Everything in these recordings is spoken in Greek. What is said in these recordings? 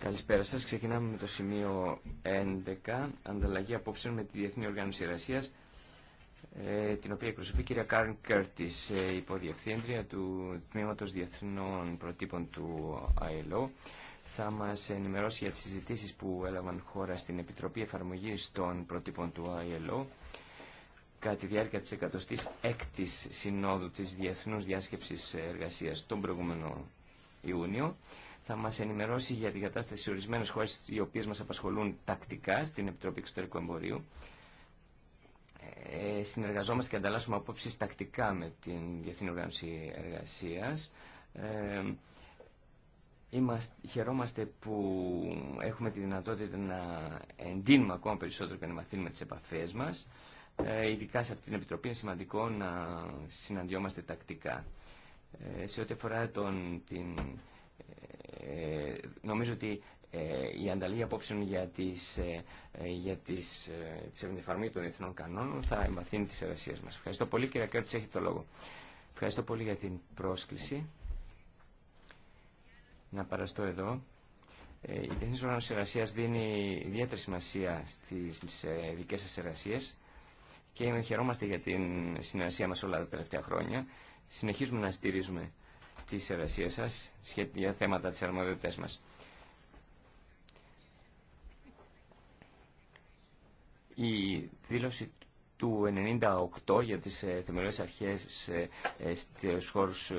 Καλησπέρα σας. Ξεκινάμε με το σημείο 11, ανταλλαγή απόψεων με τη Διεθνή Οργάνωση Εργασίας, ε, την οποία εκπροσωπεί η κυρία Κάρν Κέρτης, ε, υποδιευθύντρια του Τμήματος Διεθνών Προτύπων του ΑΕΛΟ. Θα μας ενημερώσει για τις συζητήσεις που έλαβαν χώρα στην Επιτροπή Εφαρμογής των Προτύπων του ΑΕΛΟ κατά τη διάρκεια της 106ης Συνόδου της Διεθνούς Διάσκεψης Εργασίας τον προηγούμενο Ιούνιο. Θα μας ενημερώσει για την κατάσταση σε ορισμένες χώρες οι οποίες μας απασχολούν τακτικά στην Επιτροπή Εξωτερικού Εμπορίου. Ε, συνεργαζόμαστε και ανταλλάσσουμε απόψεις τακτικά με την Διεθνή Οργάνωση Εργασίας. Ε, Είμαστε, χαιρόμαστε που έχουμε τη δυνατότητα να εντείνουμε ακόμα περισσότερο και να μαθαίνουμε τις επαφές μας. Ε, ειδικά σε αυτή την Επιτροπή, είναι σημαντικό να συναντιόμαστε τακτικά. Ε, σε ό,τι αφορά τον, την, ε, νομίζω ότι ε, η ανταλλαγή απόψεων για, τις, ε, για τις, των εθνών κανόνων θα εμβαθύνει τις εργασίες μας. Ευχαριστώ πολύ κύριε έχει το λόγο. Ευχαριστώ πολύ για την πρόσκληση. Να παραστώ εδώ. Η Διεθνής Οργάνωση Εργασίας δίνει ιδιαίτερη σημασία στις δικές σας εργασίες και χαιρόμαστε για την συνεργασία μας όλα τα τελευταία χρόνια. Συνεχίζουμε να στηρίζουμε τις εργασία σας για θέματα της αρμοδιότητας μας. Η δήλωση του 1998 για τις ε, θεμελιώδεις αρχές ε, ε, στους χώρους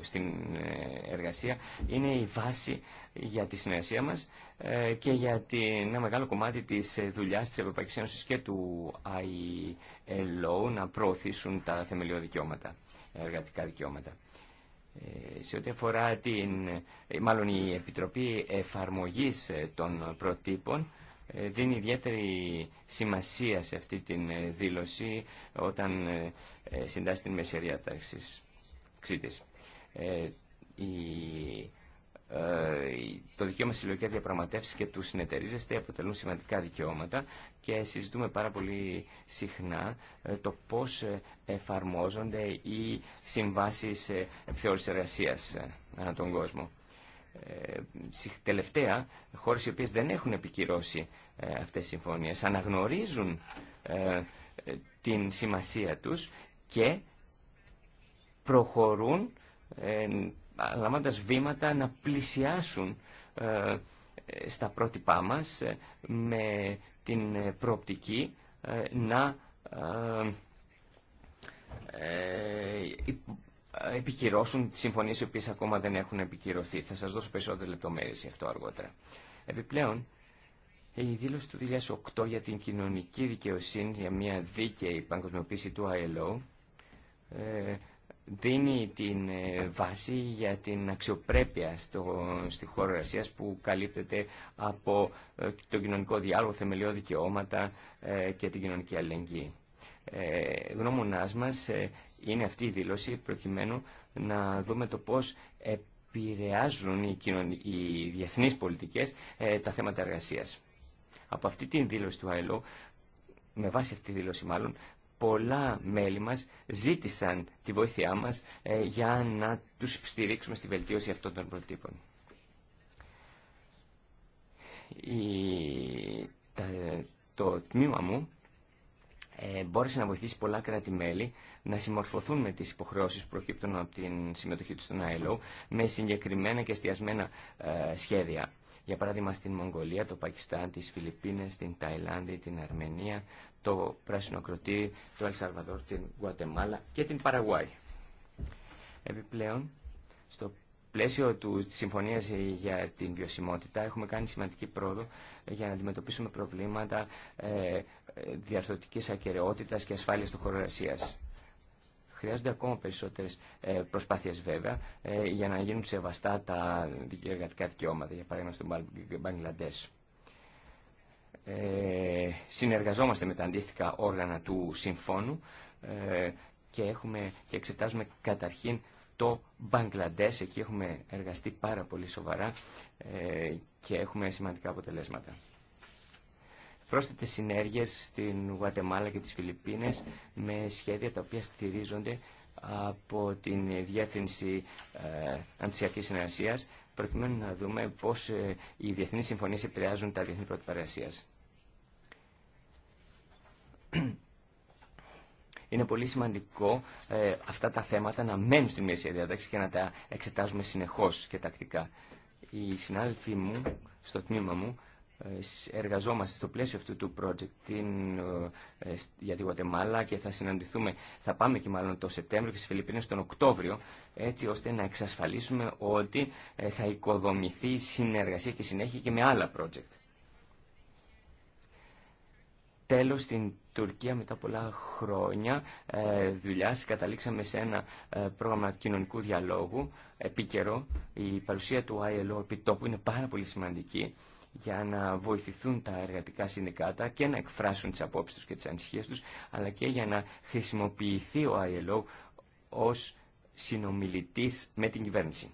στην εργασία είναι η βάση για τη συνεργασία μας. Ε, και για την, ένα μεγάλο κομμάτι της ε, δουλειάς της Ευρωπαϊκής Ένωσης και του ILO να προωθήσουν τα θεμελιώδη δικαιώματα, εργατικά δικαιώματα. Ε, σε ό,τι αφορά την, μάλλον η Επιτροπή Εφαρμογής των Προτύπων, δίνει ιδιαίτερη σημασία σε αυτή την δήλωση όταν συντάσσει την μεσαιρία ταξής. Η το δικαίωμα συλλογικέ διαπραγματεύσει και του συνεταιρίζεστε αποτελούν σημαντικά δικαιώματα και συζητούμε πάρα πολύ συχνά ε, το πώς ε, εφαρμόζονται οι συμβάσεις ε, επιθεώρηση εργασία ανά τον κόσμο. Τελευταία, χώρε οι οποίες δεν έχουν επικυρώσει αυτές τι συμφωνίε, αναγνωρίζουν την σημασία τους και προχωρούν λαμβάνοντας βήματα να πλησιάσουν ε, στα πρότυπά μας ε, με την προοπτική ε, να επικυρώσουν τις συμφωνίες οι οποίες ακόμα δεν έχουν επικυρωθεί. Θα σας δώσω περισσότερες λεπτομέρειες γι' αυτό αργότερα. Επιπλέον, η δήλωση του 2008 για την κοινωνική δικαιοσύνη για μια δίκαιη παγκοσμιοποίηση του ILO δίνει την ε, βάση για την αξιοπρέπεια στο, στη χώρα εργασία που καλύπτεται από ε, τον κοινωνικό διάλογο, θεμελιώδη δικαιώματα ε, και την κοινωνική αλληλεγγύη. Ε, γνώμονάς μας είναι αυτή η δήλωση προκειμένου να δούμε το πώς επηρεάζουν οι, κοινων... οι διεθνείς πολιτικές τα θέματα εργασίας. Από αυτή την δήλωση του ΆΕΛΟ, με βάση αυτή τη δήλωση μάλλον, πολλά μέλη μας ζήτησαν τη βοήθειά μας ε, για να τους στηρίξουμε στη βελτίωση αυτών των προτύπων. Το τμήμα μου ε, μπόρεσε να βοηθήσει πολλά κράτη-μέλη να συμμορφωθούν με τις υποχρεώσεις που προκύπτουν από την συμμετοχή τους στον ILO με συγκεκριμένα και εστιασμένα ε, σχέδια. Για παράδειγμα στην Μογγολία, το Πακιστάν, τις Φιλιππίνες, την Ταϊλάνδη, την Αρμενία, το Πράσινο Κροτή, το Αλσαρβαδόρ, την Γουατεμάλα και την Παραγουάη. Επιπλέον, στο πλαίσιο του, της Συμφωνίας για την Βιωσιμότητα έχουμε κάνει σημαντική πρόοδο για να αντιμετωπίσουμε προβλήματα ε, διαρθρωτικής ακαιρεότητας και ασφάλειας του χώρου Χρειάζονται ακόμα περισσότερε προσπάθειε βέβαια ε, για να γίνουν σεβαστά τα εργατικά δικαιώματα, για παράδειγμα στον Μπαγκλαντέ ε, συνεργαζόμαστε με τα αντίστοιχα όργανα του συμφώνου ε, και, έχουμε, και εξετάζουμε καταρχήν το Μπαγκλαντές. Εκεί έχουμε εργαστεί πάρα πολύ σοβαρά ε, και έχουμε σημαντικά αποτελέσματα. Πρόσθετες συνέργειες στην Γουατεμάλα και τις Φιλιππίνες με σχέδια τα οποία στηρίζονται από την Διεύθυνση ε, Αντισιακής Συνεργασίας προκειμένου να δούμε πώς ε, οι διεθνείς συμφωνίες επηρεάζουν τα διεθνή πρότυπα είναι πολύ σημαντικό ε, αυτά τα θέματα να μένουν στη μέση διάταξη και να τα εξετάζουμε συνεχώς και τακτικά. Οι συνάδελφοί μου στο τμήμα μου ε, εργαζόμαστε στο πλαίσιο αυτού του project ε, για τη Γουατεμάλα και θα συναντηθούμε, θα πάμε και μάλλον το Σεπτέμβριο και στις Φιλιππίνες τον Οκτώβριο έτσι ώστε να εξασφαλίσουμε ότι θα οικοδομηθεί συνεργασία και συνέχεια και με άλλα project. Τέλος, στην Τουρκία μετά πολλά χρόνια ε, δουλειά καταλήξαμε σε ένα ε, πρόγραμμα κοινωνικού διαλόγου επίκαιρο. Η παρουσία του ILO τόπου είναι πάρα πολύ σημαντική για να βοηθηθούν τα εργατικά συνδικάτα και να εκφράσουν τις απόψεις τους και τις ανησυχίες τους, αλλά και για να χρησιμοποιηθεί ο ILO ως συνομιλητής με την κυβέρνηση.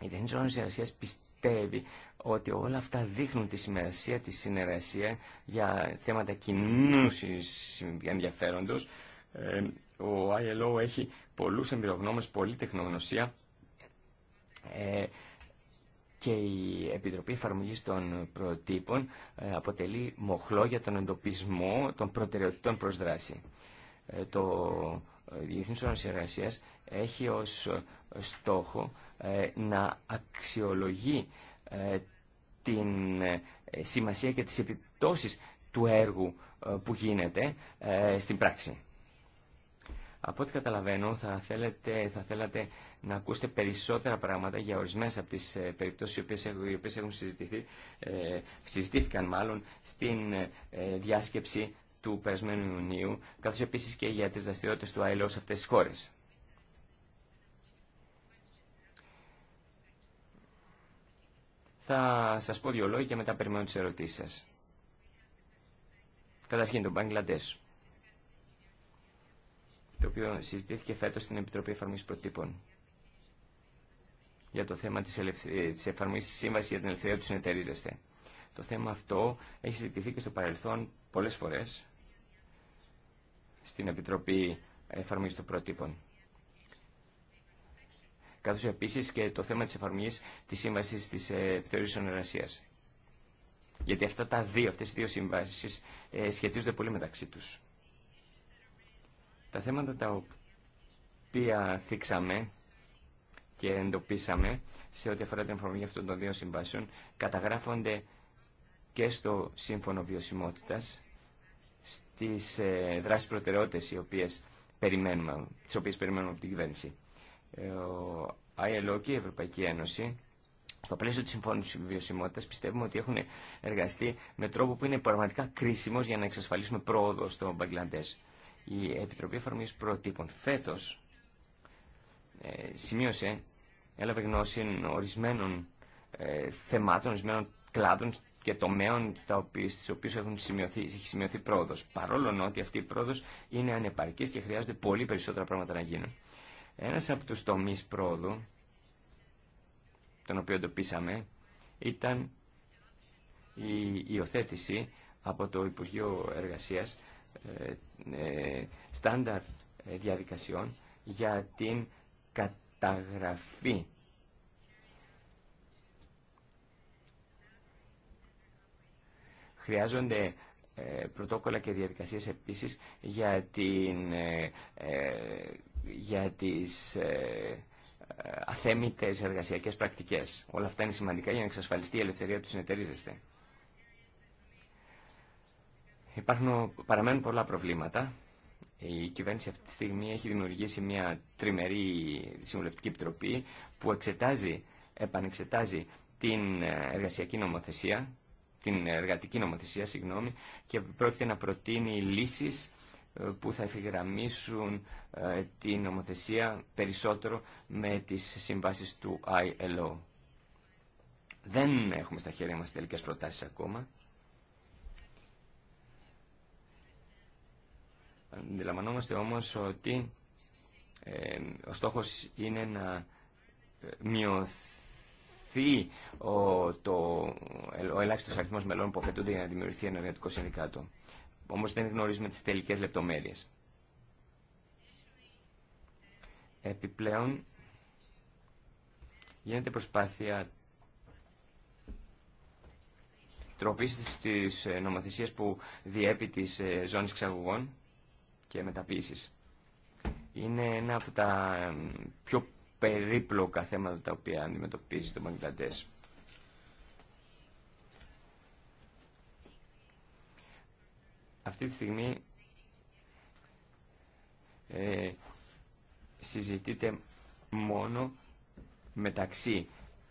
Η Διεθνής Οργάνωση πιστεύει ότι όλα αυτά δείχνουν τη σημασία, τη συνεργασία για θέματα κοινού ενδιαφέροντος. Ε, ο ILO έχει πολλούς εμπειρογνώμες, πολλή τεχνογνωσία ε, και η Επιτροπή Εφαρμογής των Προτύπων ε, αποτελεί μοχλό για τον εντοπισμό των προτεραιοτήτων προς δράση. το Διεθνής Όνος έχει ως στόχο να αξιολογεί την ε, σημασία και τις επιπτώσεις του έργου ε, που γίνεται ε, στην πράξη. Από ό,τι καταλαβαίνω θα, θέλετε, θα θέλατε να ακούσετε περισσότερα πράγματα για ορισμένες από τις περιπτώσεις οι οποίες, έχουν συζητηθεί, συζητήθηκαν μάλλον στην διάσκεψη του περασμένου Ιουνίου, καθώς επίσης και για τις δραστηριότητες του ΑΕΛΟ σε αυτές τις χώρες. Θα σας πω δύο λόγια και μετά περιμένω τις ερωτήσεις σα. Καταρχήν το Μπαγκλαντές, το οποίο συζητήθηκε φέτο στην Επιτροπή Εφαρμογής Προτύπων για το θέμα της, ε, της εφαρμογής Σύμβασης για την Ελευθερία του Συνεταιρίζεστε. Το θέμα αυτό έχει συζητηθεί και στο παρελθόν πολλές φορές στην Επιτροπή Εφαρμογής των Προτύπων καθώς επίση και το θέμα της εφαρμογή της σύμβαση της επιθεωρήσεων εργασία. Γιατί αυτά τα δύο, αυτές οι δύο σύμβασεις ε, σχετίζονται πολύ μεταξύ τους. Τα θέματα τα οποία θίξαμε και εντοπίσαμε σε ό,τι αφορά την εφαρμογή αυτών των δύο συμβάσεων καταγράφονται και στο Σύμφωνο Βιωσιμότητας στις ε, δράσεις προτεραιότητες οι οποίες περιμένουμε, τις οποίες περιμένουμε από την κυβέρνηση. Ε, ο ILO και η Ευρωπαϊκή Ένωση στο πλαίσιο τη τη Βιωσιμότητα πιστεύουμε ότι έχουν εργαστεί με τρόπο που είναι πραγματικά κρίσιμο για να εξασφαλίσουμε πρόοδο στο Μπαγκλαντέ. Η Επιτροπή Εφαρμογή Προτύπων φέτο ε, σημείωσε, έλαβε γνώση ορισμένων ε, θεμάτων, ορισμένων κλάδων και τομέων στι οποίε έχει σημειωθεί πρόοδος. Παρόλο ότι αυτή η πρόοδο είναι ανεπαρκή και χρειάζονται πολύ περισσότερα πράγματα να γίνουν. Ένας από τους τομείς πρόοδου, τον οποίο εντοπίσαμε, ήταν η υιοθέτηση από το Υπουργείο Εργασίας ε, ε, στάνταρ διαδικασιών για την καταγραφή Χρειάζονται ε, πρωτόκολλα και διαδικασίες επίσης για την για τις ε, ε, αθέμητες εργασιακές πρακτικές. Όλα αυτά είναι σημαντικά για να εξασφαλιστεί η ελευθερία του συνεταιρίζεστε. Υπάρχουν, παραμένουν πολλά προβλήματα. Η κυβέρνηση αυτή τη στιγμή έχει δημιουργήσει μια τριμερή συμβουλευτική επιτροπή που εξετάζει, επανεξετάζει την ε, εργασιακή νομοθεσία, την εργατική νομοθεσία, συγγνώμη, και πρόκειται να προτείνει λύσεις που θα εφηγραμμίσουν ε, την νομοθεσία περισσότερο με τις συμβάσεις του ILO. Δεν έχουμε στα χέρια μας τελικές προτάσεις ακόμα. Αντιλαμβανόμαστε όμως ότι ε, ο στόχος είναι να ε, μειωθεί ο, το, ο ελάχιστος αριθμός μελών που απαιτούνται για να δημιουργηθεί ένα εργατικό συνδικάτο όμως δεν γνωρίζουμε τις τελικές λεπτομέρειες. Επιπλέον, γίνεται προσπάθεια τροπής της ε, νομοθεσίας που διέπει τις ε, ζώνες εξαγωγών και μεταποίησης. Είναι ένα από τα ε, πιο περίπλοκα θέματα τα οποία αντιμετωπίζει το Μαγκλαντές. Αυτή τη στιγμή ε, συζητείται μόνο μεταξύ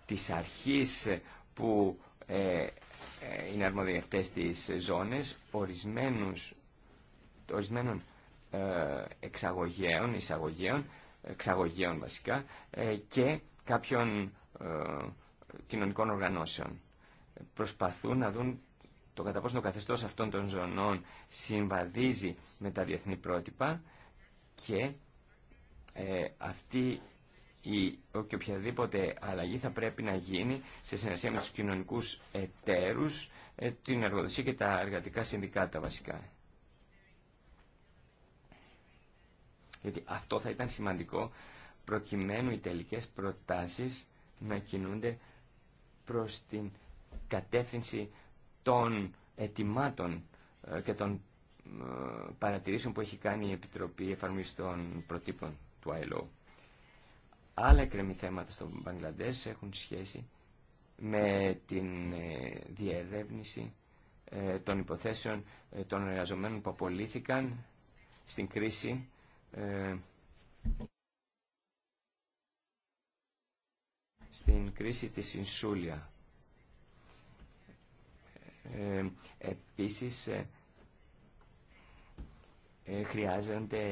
της αρχής που ε, ε είναι αρμοδιευτές αυτές τις ζώνες, ορισμένους, ορισμένων ε, εξαγωγέων, εισαγωγέων, εξαγωγέων βασικά ε, και κάποιων ε, κοινωνικών οργανώσεων. Προσπαθούν να δουν το κατά πόσο το καθεστώς αυτών των ζωνών συμβαδίζει με τα διεθνή πρότυπα και ε, αυτή η, και οποιαδήποτε αλλαγή θα πρέπει να γίνει σε συνεργασία με τους κοινωνικούς εταίρους, ε, την εργοδοσία και τα εργατικά συνδικάτα βασικά. Γιατί αυτό θα ήταν σημαντικό προκειμένου οι τελικές προτάσεις να κινούνται προς την κατεύθυνση των ετοιμάτων ε, και των ε, παρατηρήσεων που έχει κάνει η Επιτροπή Εφαρμογής των Προτύπων του ILO. Άλλα εκκρεμή θέματα στο Μπαγκλαντές έχουν σχέση με την ε, διερεύνηση των υποθέσεων των εργαζομένων που απολύθηκαν στην κρίση στην κρίση της Ινσούλια. Ε, επίσης, ε, ε, χρειάζονται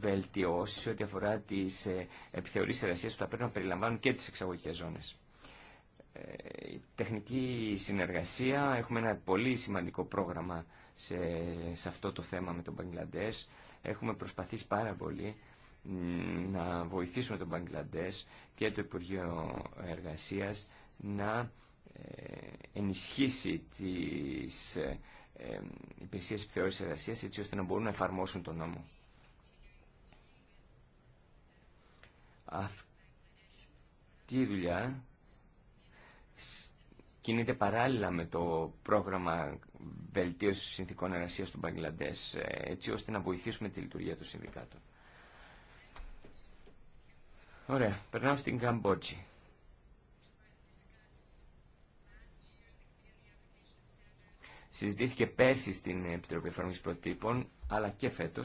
βελτιώσεις ό,τι αφορά τις ε, επιθεωρήσεις εργασίας που θα πρέπει να περιλαμβάνουν και τις εξαγωγικές ζώνες. τεχνική συνεργασία, έχουμε ένα πολύ σημαντικό πρόγραμμα σε, σε αυτό το θέμα με τον Μπαγκλαντές. Έχουμε προσπαθήσει πάρα πολύ να βοηθήσουμε τον Μπαγκλαντές και το Υπουργείο Εργασίας να ε, ενισχύσει τις ε, ε, υπηρεσίες επιθεώρησης εργασίας έτσι ώστε να μπορούν να εφαρμόσουν τον νόμο. Αυτή η δουλειά κινείται παράλληλα με το πρόγραμμα βελτίωσης συνθήκων εργασίας του Μπαγκλαντές έτσι ώστε να βοηθήσουμε τη λειτουργία των συνδικάτων. Ωραία, περνάω στην Καμπότζη. συζητήθηκε πέρσι στην Επιτροπή εφαρμογή Προτύπων, αλλά και φέτο.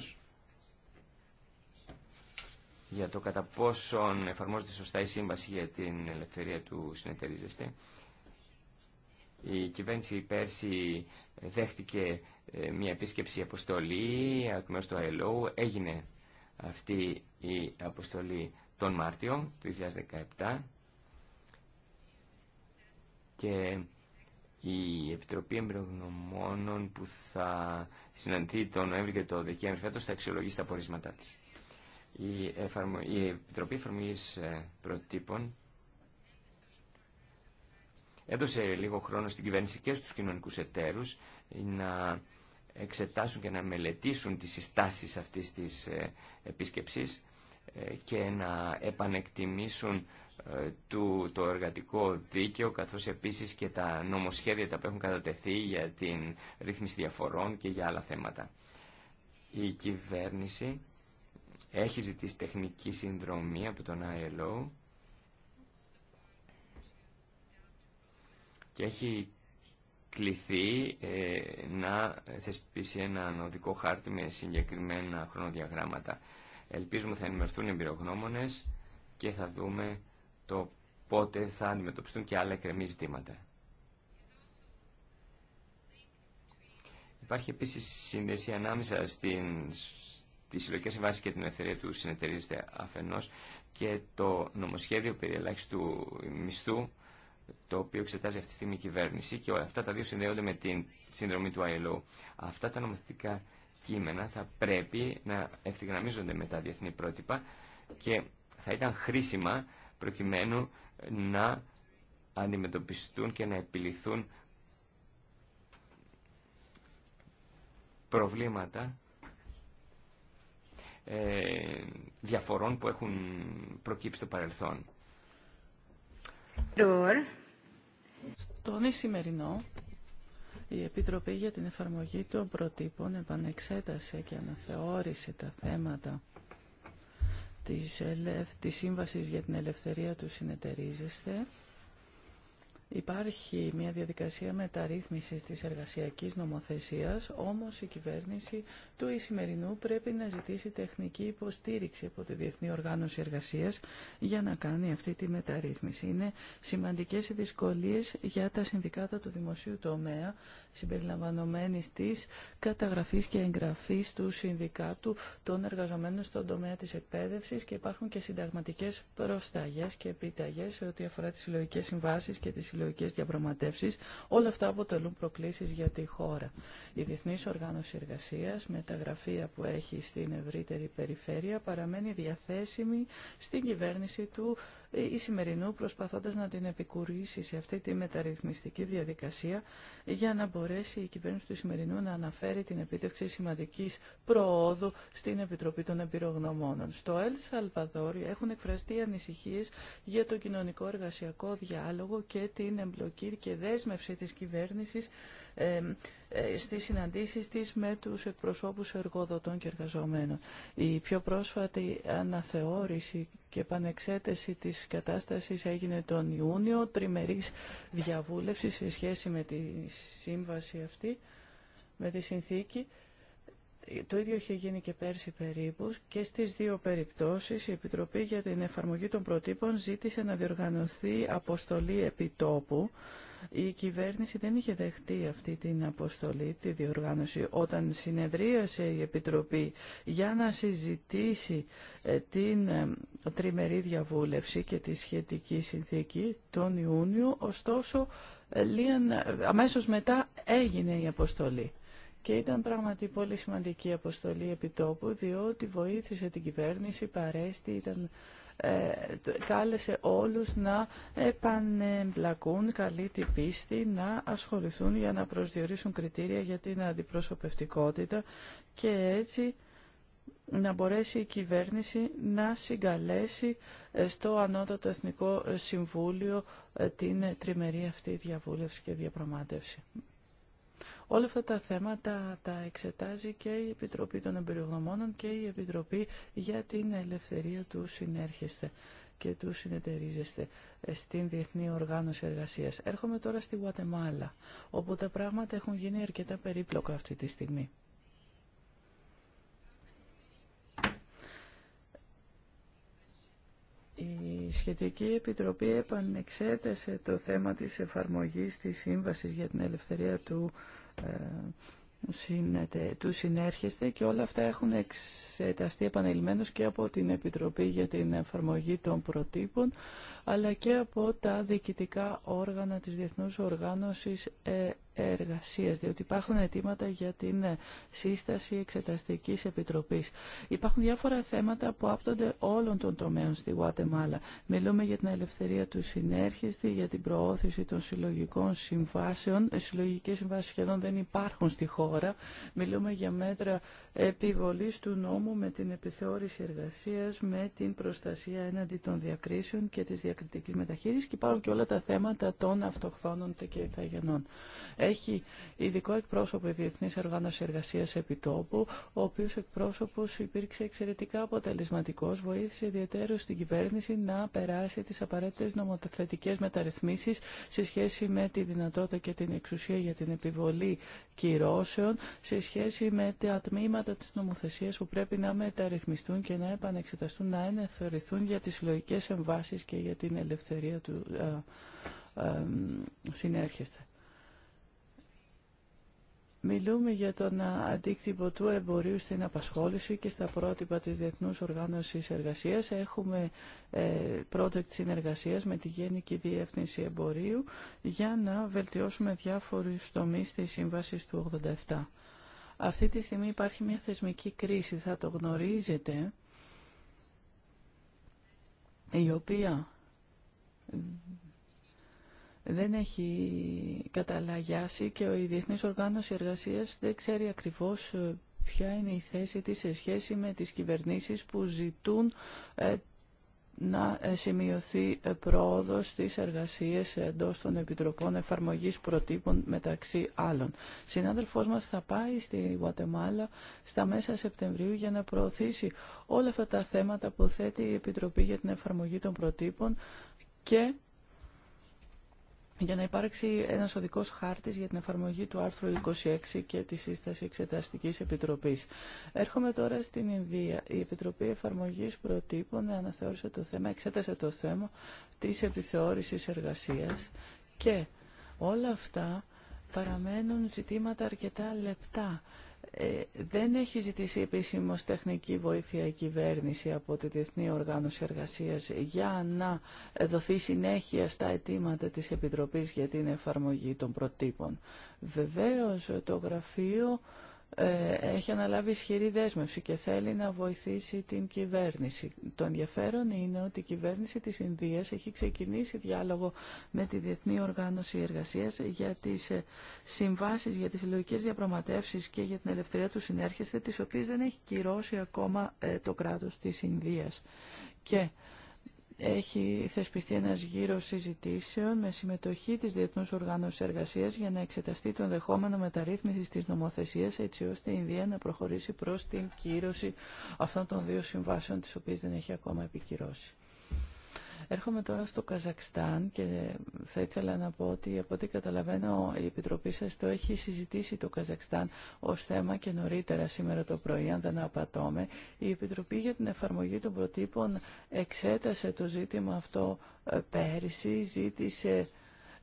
για το κατά πόσον εφαρμόζεται σωστά η σύμβαση για την ελευθερία του συνεταιρίζεστε. Η κυβέρνηση πέρσι δέχτηκε ε, μια επίσκεψη αποστολή από μέρους του ΑΕΛΟ. Έγινε αυτή η αποστολή τον Μάρτιο του 2017 και η Επιτροπή Εμπειρογνωμόνων που θα συναντηθεί τον Νοέμβριο και το Δεκέμβριο φέτος θα αξιολογήσει τα πορίσματά της. Η, Εφαρμο... η Επιτροπή εφαρμογή ε, Προτύπων έδωσε λίγο χρόνο στην κυβέρνηση και στους κοινωνικούς εταίρους να εξετάσουν και να μελετήσουν τις συστάσεις αυτής της ε, επίσκεψης ε, και να επανεκτιμήσουν του, το εργατικό δίκαιο καθώς επίσης και τα νομοσχέδια τα που έχουν κατατεθεί για την ρύθμιση διαφορών και για άλλα θέματα. Η κυβέρνηση έχει ζητήσει τεχνική συνδρομή από τον ILO και έχει κληθεί ε, να θεσπίσει ένα νοδικό χάρτη με συγκεκριμένα χρονοδιαγράμματα. Ελπίζουμε θα ενημερθούν οι και θα δούμε το πότε θα αντιμετωπιστούν και άλλα εκκρεμή ζητήματα. Υπάρχει επίσης σύνδεση ανάμεσα στην, συλλογικέ συλλογικές συμβάσεις και την ελευθερία του συνεταιρίζεται αφενός και το νομοσχέδιο περί ελάχιστου μισθού το οποίο εξετάζει αυτή τη στιγμή η κυβέρνηση και όλα αυτά τα δύο συνδέονται με την συνδρομή του ILO. Αυτά τα νομοθετικά κείμενα θα πρέπει να ευθυγραμμίζονται με τα διεθνή πρότυπα και θα ήταν χρήσιμα προκειμένου να αντιμετωπιστούν και να επιληθούν προβλήματα ε, διαφορών που έχουν προκύψει στο παρελθόν. Στον σημερινό, η Επιτροπή για την Εφαρμογή των Προτύπων επανεξέτασε και αναθεώρησε τα θέματα της, της Σύμβασης για την Ελευθερία του συνεταιρίζεστε Υπάρχει μια διαδικασία μεταρρύθμισης της εργασιακής νομοθεσίας, όμως η κυβέρνηση του Ισημερινού πρέπει να ζητήσει τεχνική υποστήριξη από τη Διεθνή Οργάνωση Εργασίας για να κάνει αυτή τη μεταρρύθμιση. Είναι σημαντικές οι δυσκολίες για τα συνδικάτα του δημοσίου τομέα, συμπεριλαμβανομένης της καταγραφής και εγγραφής του συνδικάτου των εργαζομένων στον τομέα της εκπαίδευσης και υπάρχουν και συνταγματικές προσταγές και επιταγές σε ό,τι αφορά τις συλλογικές συμβάσεις και τις συλλογικές διαπραγματεύσεις, όλα αυτά αποτελούν προκλήσεις για τη χώρα. Η Διεθνής Οργάνωση Εργασίας με τα γραφεία που έχει στην ευρύτερη περιφέρεια παραμένει διαθέσιμη στην κυβέρνηση του ή σημερινού προσπαθώντας να την επικουρήσει σε αυτή τη μεταρρυθμιστική διαδικασία για να μπορέσει η κυβέρνηση του σημερινού να αναφέρει την επίτευξη σημαντικής προόδου στην Επιτροπή των Εμπειρογνωμόνων. Στο Ελ Σαλβαδόρι έχουν εκφραστεί ανησυχίες για το κοινωνικό εργασιακό διάλογο και την εμπλοκή και δέσμευση της κυβέρνησης ε, ε, στις συναντήσεις της με τους εκπροσώπους εργοδοτών και εργαζομένων. Η πιο πρόσφατη αναθεώρηση και επανεξέτεση της κατάστασης έγινε τον Ιούνιο, τριμερής διαβούλευση σε σχέση με τη σύμβαση αυτή, με τη συνθήκη το ίδιο είχε γίνει και πέρσι περίπου και στις δύο περιπτώσεις η Επιτροπή για την Εφαρμογή των Προτύπων ζήτησε να διοργανωθεί αποστολή επιτόπου. Η κυβέρνηση δεν είχε δεχτεί αυτή την αποστολή, τη διοργάνωση, όταν συνεδρίασε η Επιτροπή για να συζητήσει ε, την ε, τριμερή διαβούλευση και τη σχετική συνθήκη τον Ιούνιο, ωστόσο ε, αμέσως μετά έγινε η αποστολή. Και ήταν πράγματι πολύ σημαντική αποστολή επιτόπου, διότι βοήθησε την κυβέρνηση, παρέστη, ήταν, ε, κάλεσε όλους να επανεμπλακούν καλή την πίστη, να ασχοληθούν για να προσδιορίσουν κριτήρια για την αντιπροσωπευτικότητα και έτσι να μπορέσει η κυβέρνηση να συγκαλέσει ε, στο Ανώτατο Εθνικό Συμβούλιο ε, την τριμερή αυτή διαβούλευση και διαπραγμάτευση. Όλα αυτά τα θέματα τα εξετάζει και η Επιτροπή των Εμπειρογνωμόνων και η Επιτροπή για την Ελευθερία του Συνέρχεστε και του συνεταιρίζεστε στην Διεθνή Οργάνωση Εργασίας. Έρχομαι τώρα στη Γουατεμάλα, όπου τα πράγματα έχουν γίνει αρκετά περίπλοκα αυτή τη στιγμή. Η σχετική επιτροπή επανεξέτασε το θέμα της εφαρμογής της Σύμβασης για την Ελευθερία του ε, του συνέρχεστε και όλα αυτά έχουν εξεταστεί επανελειμμένως και από την Επιτροπή για την Εφαρμογή των Προτύπων αλλά και από τα διοικητικά όργανα της Διεθνούς Οργάνωσης ε, Εργασίας, διότι υπάρχουν αιτήματα για την ε, σύσταση Εξεταστικής Επιτροπής. Υπάρχουν διάφορα θέματα που άπτονται όλων των τομέων στη Γουατεμάλα. Μιλούμε για την ελευθερία του συνέρχεστη, για την προώθηση των συλλογικών συμβάσεων. Ε, συλλογικές συμβάσεις σχεδόν δεν υπάρχουν στη χώρα. Μιλούμε για μέτρα επιβολή του νόμου με την επιθεώρηση εργασίας, με την προστασία έναντι των διακρίσεων και τη διακρίσεις κριτική μεταχείριση και υπάρχουν και όλα τα θέματα των αυτοχθόνων και ηθαγενών. Έχει ειδικό εκπρόσωπο η Οργάνωση εργασία Επιτόπου, ο οποίο εκπρόσωπο υπήρξε εξαιρετικά αποτελεσματικό βοήθησε ιδιαίτερω στην κυβέρνηση να περάσει τι απαραίτητε νομοθετικέ μεταρρυθμίσει σε σχέση με τη δυνατότητα και την εξουσία για την επιβολή κυρώσεων, σε σχέση με τα τμήματα τη νομοθεσία που πρέπει να μεταρρυθμιστούν και να επανεξεταστούν, να ενεθωρηθούν για τι συλλογικέ εμβάσει και για τι την ελευθερία του ε, συνέρχεστε. Μιλούμε για τον ε, αντίκτυπο του εμπορίου στην απασχόληση και στα πρότυπα της Διεθνούς Οργάνωσης Εργασίας. Έχουμε ε, project συνεργασίας με τη Γενική Διεύθυνση Εμπορίου για να βελτιώσουμε διάφορους τομείς της Σύμβασης του 87. Αυτή τη στιγμή υπάρχει μια θεσμική κρίση, θα το γνωρίζετε, η οποία δεν έχει καταλαγιάσει και η Διεθνής Οργάνωση Εργασίας δεν ξέρει ακριβώς ε, ποια είναι η θέση της σε σχέση με τις κυβερνήσεις που ζητούν ε, να ε, σημειωθεί πρόοδος στις εργασίες εντός των Επιτροπών Εφαρμογής Προτύπων μεταξύ άλλων. Συνάδελφός μας θα πάει στη Γουατεμάλα στα μέσα Σεπτεμβρίου για να προωθήσει όλα αυτά τα θέματα που θέτει η Επιτροπή για την Εφαρμογή των Προτύπων και για να υπάρξει ένας οδικός χάρτης για την εφαρμογή του άρθρου 26 και τη σύσταση Εξεταστικής Επιτροπής. Έρχομαι τώρα στην Ινδία. Η Επιτροπή Εφαρμογής Προτύπων αναθεώρησε το θέμα, εξέτασε το θέμα της επιθεώρησης εργασίας και όλα αυτά παραμένουν ζητήματα αρκετά λεπτά ε, δεν έχει ζητήσει επίσημος τεχνική βοήθεια η κυβέρνηση από τη Διεθνή Οργάνωση Εργασίας για να δοθεί συνέχεια στα αιτήματα της Επιτροπής για την εφαρμογή των προτύπων. Βεβαίως το γραφείο ε, έχει αναλάβει ισχυρή δέσμευση και θέλει να βοηθήσει την κυβέρνηση. Το ενδιαφέρον είναι ότι η κυβέρνηση της Ινδίας έχει ξεκινήσει διάλογο με τη Διεθνή Οργάνωση Εργασίας για τις ε, συμβάσεις, για τις φιλογικές διαπραγματεύσεις και για την ελευθερία του συνέρχεσθε, τις οποίες δεν έχει κυρώσει ακόμα ε, το κράτος της Ινδίας. Και έχει θεσπιστεί ένα γύρο συζητήσεων με συμμετοχή της Διεθνούς Οργάνωση Εργασίας για να εξεταστεί το ενδεχόμενο μεταρρύθμιση τη νομοθεσία έτσι ώστε η Ινδία να προχωρήσει προς την κύρωση αυτών των δύο συμβάσεων τις οποίες δεν έχει ακόμα επικυρώσει. Έρχομαι τώρα στο Καζακστάν και θα ήθελα να πω ότι από ό,τι καταλαβαίνω η Επιτροπή σας το έχει συζητήσει το Καζακστάν ως θέμα και νωρίτερα σήμερα το πρωί, αν δεν απατώμε. Η Επιτροπή για την εφαρμογή των προτύπων εξέτασε το ζήτημα αυτό ε, πέρυσι, ζήτησε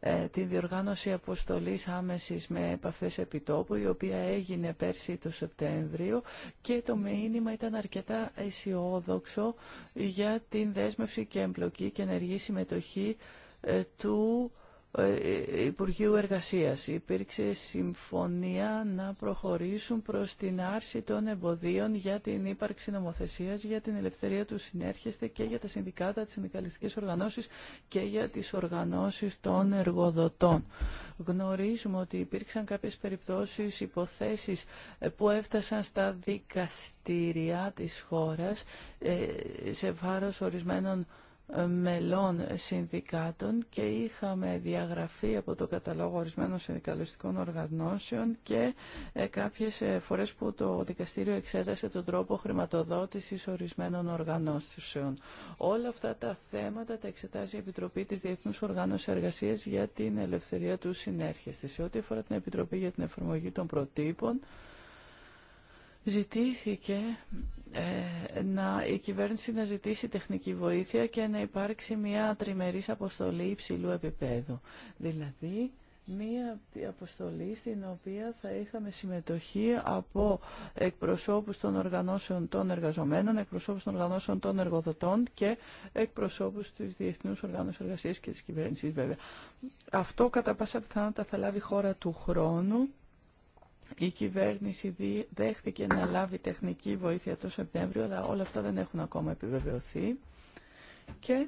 ε, την διοργάνωση αποστολής άμεσης με επαφές επιτόπου, η οποία έγινε πέρσι το Σεπτέμβριο και το μήνυμα ήταν αρκετά αισιόδοξο για την δέσμευση και εμπλοκή και ενεργή συμμετοχή ε, του ε, ε, Υπουργείου Εργασίας. Υπήρξε συμφωνία να προχωρήσουν προς την άρση των εμποδίων για την ύπαρξη νομοθεσίας, για την ελευθερία του συνέρχεστε και για τα συνδικάτα, τις συνδικαλιστικές οργανώσεις και για τις οργανώσεις των εργοδοτών. Γνωρίζουμε ότι υπήρξαν κάποιες περιπτώσεις, υποθέσεις ε, που έφτασαν στα δικαστήρια της χώρας σε βάρος ορισμένων μελών συνδικάτων και είχαμε διαγραφή από το καταλόγο ορισμένων συνδικαλιστικών οργανώσεων και ε, κάποιες ε, φορές που το δικαστήριο εξέτασε τον τρόπο χρηματοδότησης ορισμένων οργανώσεων. Όλα αυτά τα θέματα τα εξετάζει η Επιτροπή της Διεθνούς Οργάνωσης Εργασίας για την ελευθερία του συνέρχεστη. Σε ό,τι αφορά την Επιτροπή για την Εφαρμογή των Προτύπων, ζητήθηκε ε, να, η κυβέρνηση να ζητήσει τεχνική βοήθεια και να υπάρξει μια τριμερής αποστολή υψηλού επίπεδου. Δηλαδή, μία αποστολή στην οποία θα είχαμε συμμετοχή από εκπροσώπους των οργανώσεων των εργαζομένων, εκπροσώπους των οργανώσεων των εργοδοτών και εκπροσώπους της Διεθνούς Οργάνωσης Εργασίας και της Κυβέρνησης βέβαια. Αυτό κατά πάσα πιθανότητα θα λάβει χώρα του χρόνου η κυβέρνηση δέχθηκε να λάβει τεχνική βοήθεια το Σεπτέμβριο, αλλά όλα αυτά δεν έχουν ακόμα επιβεβαιωθεί. Και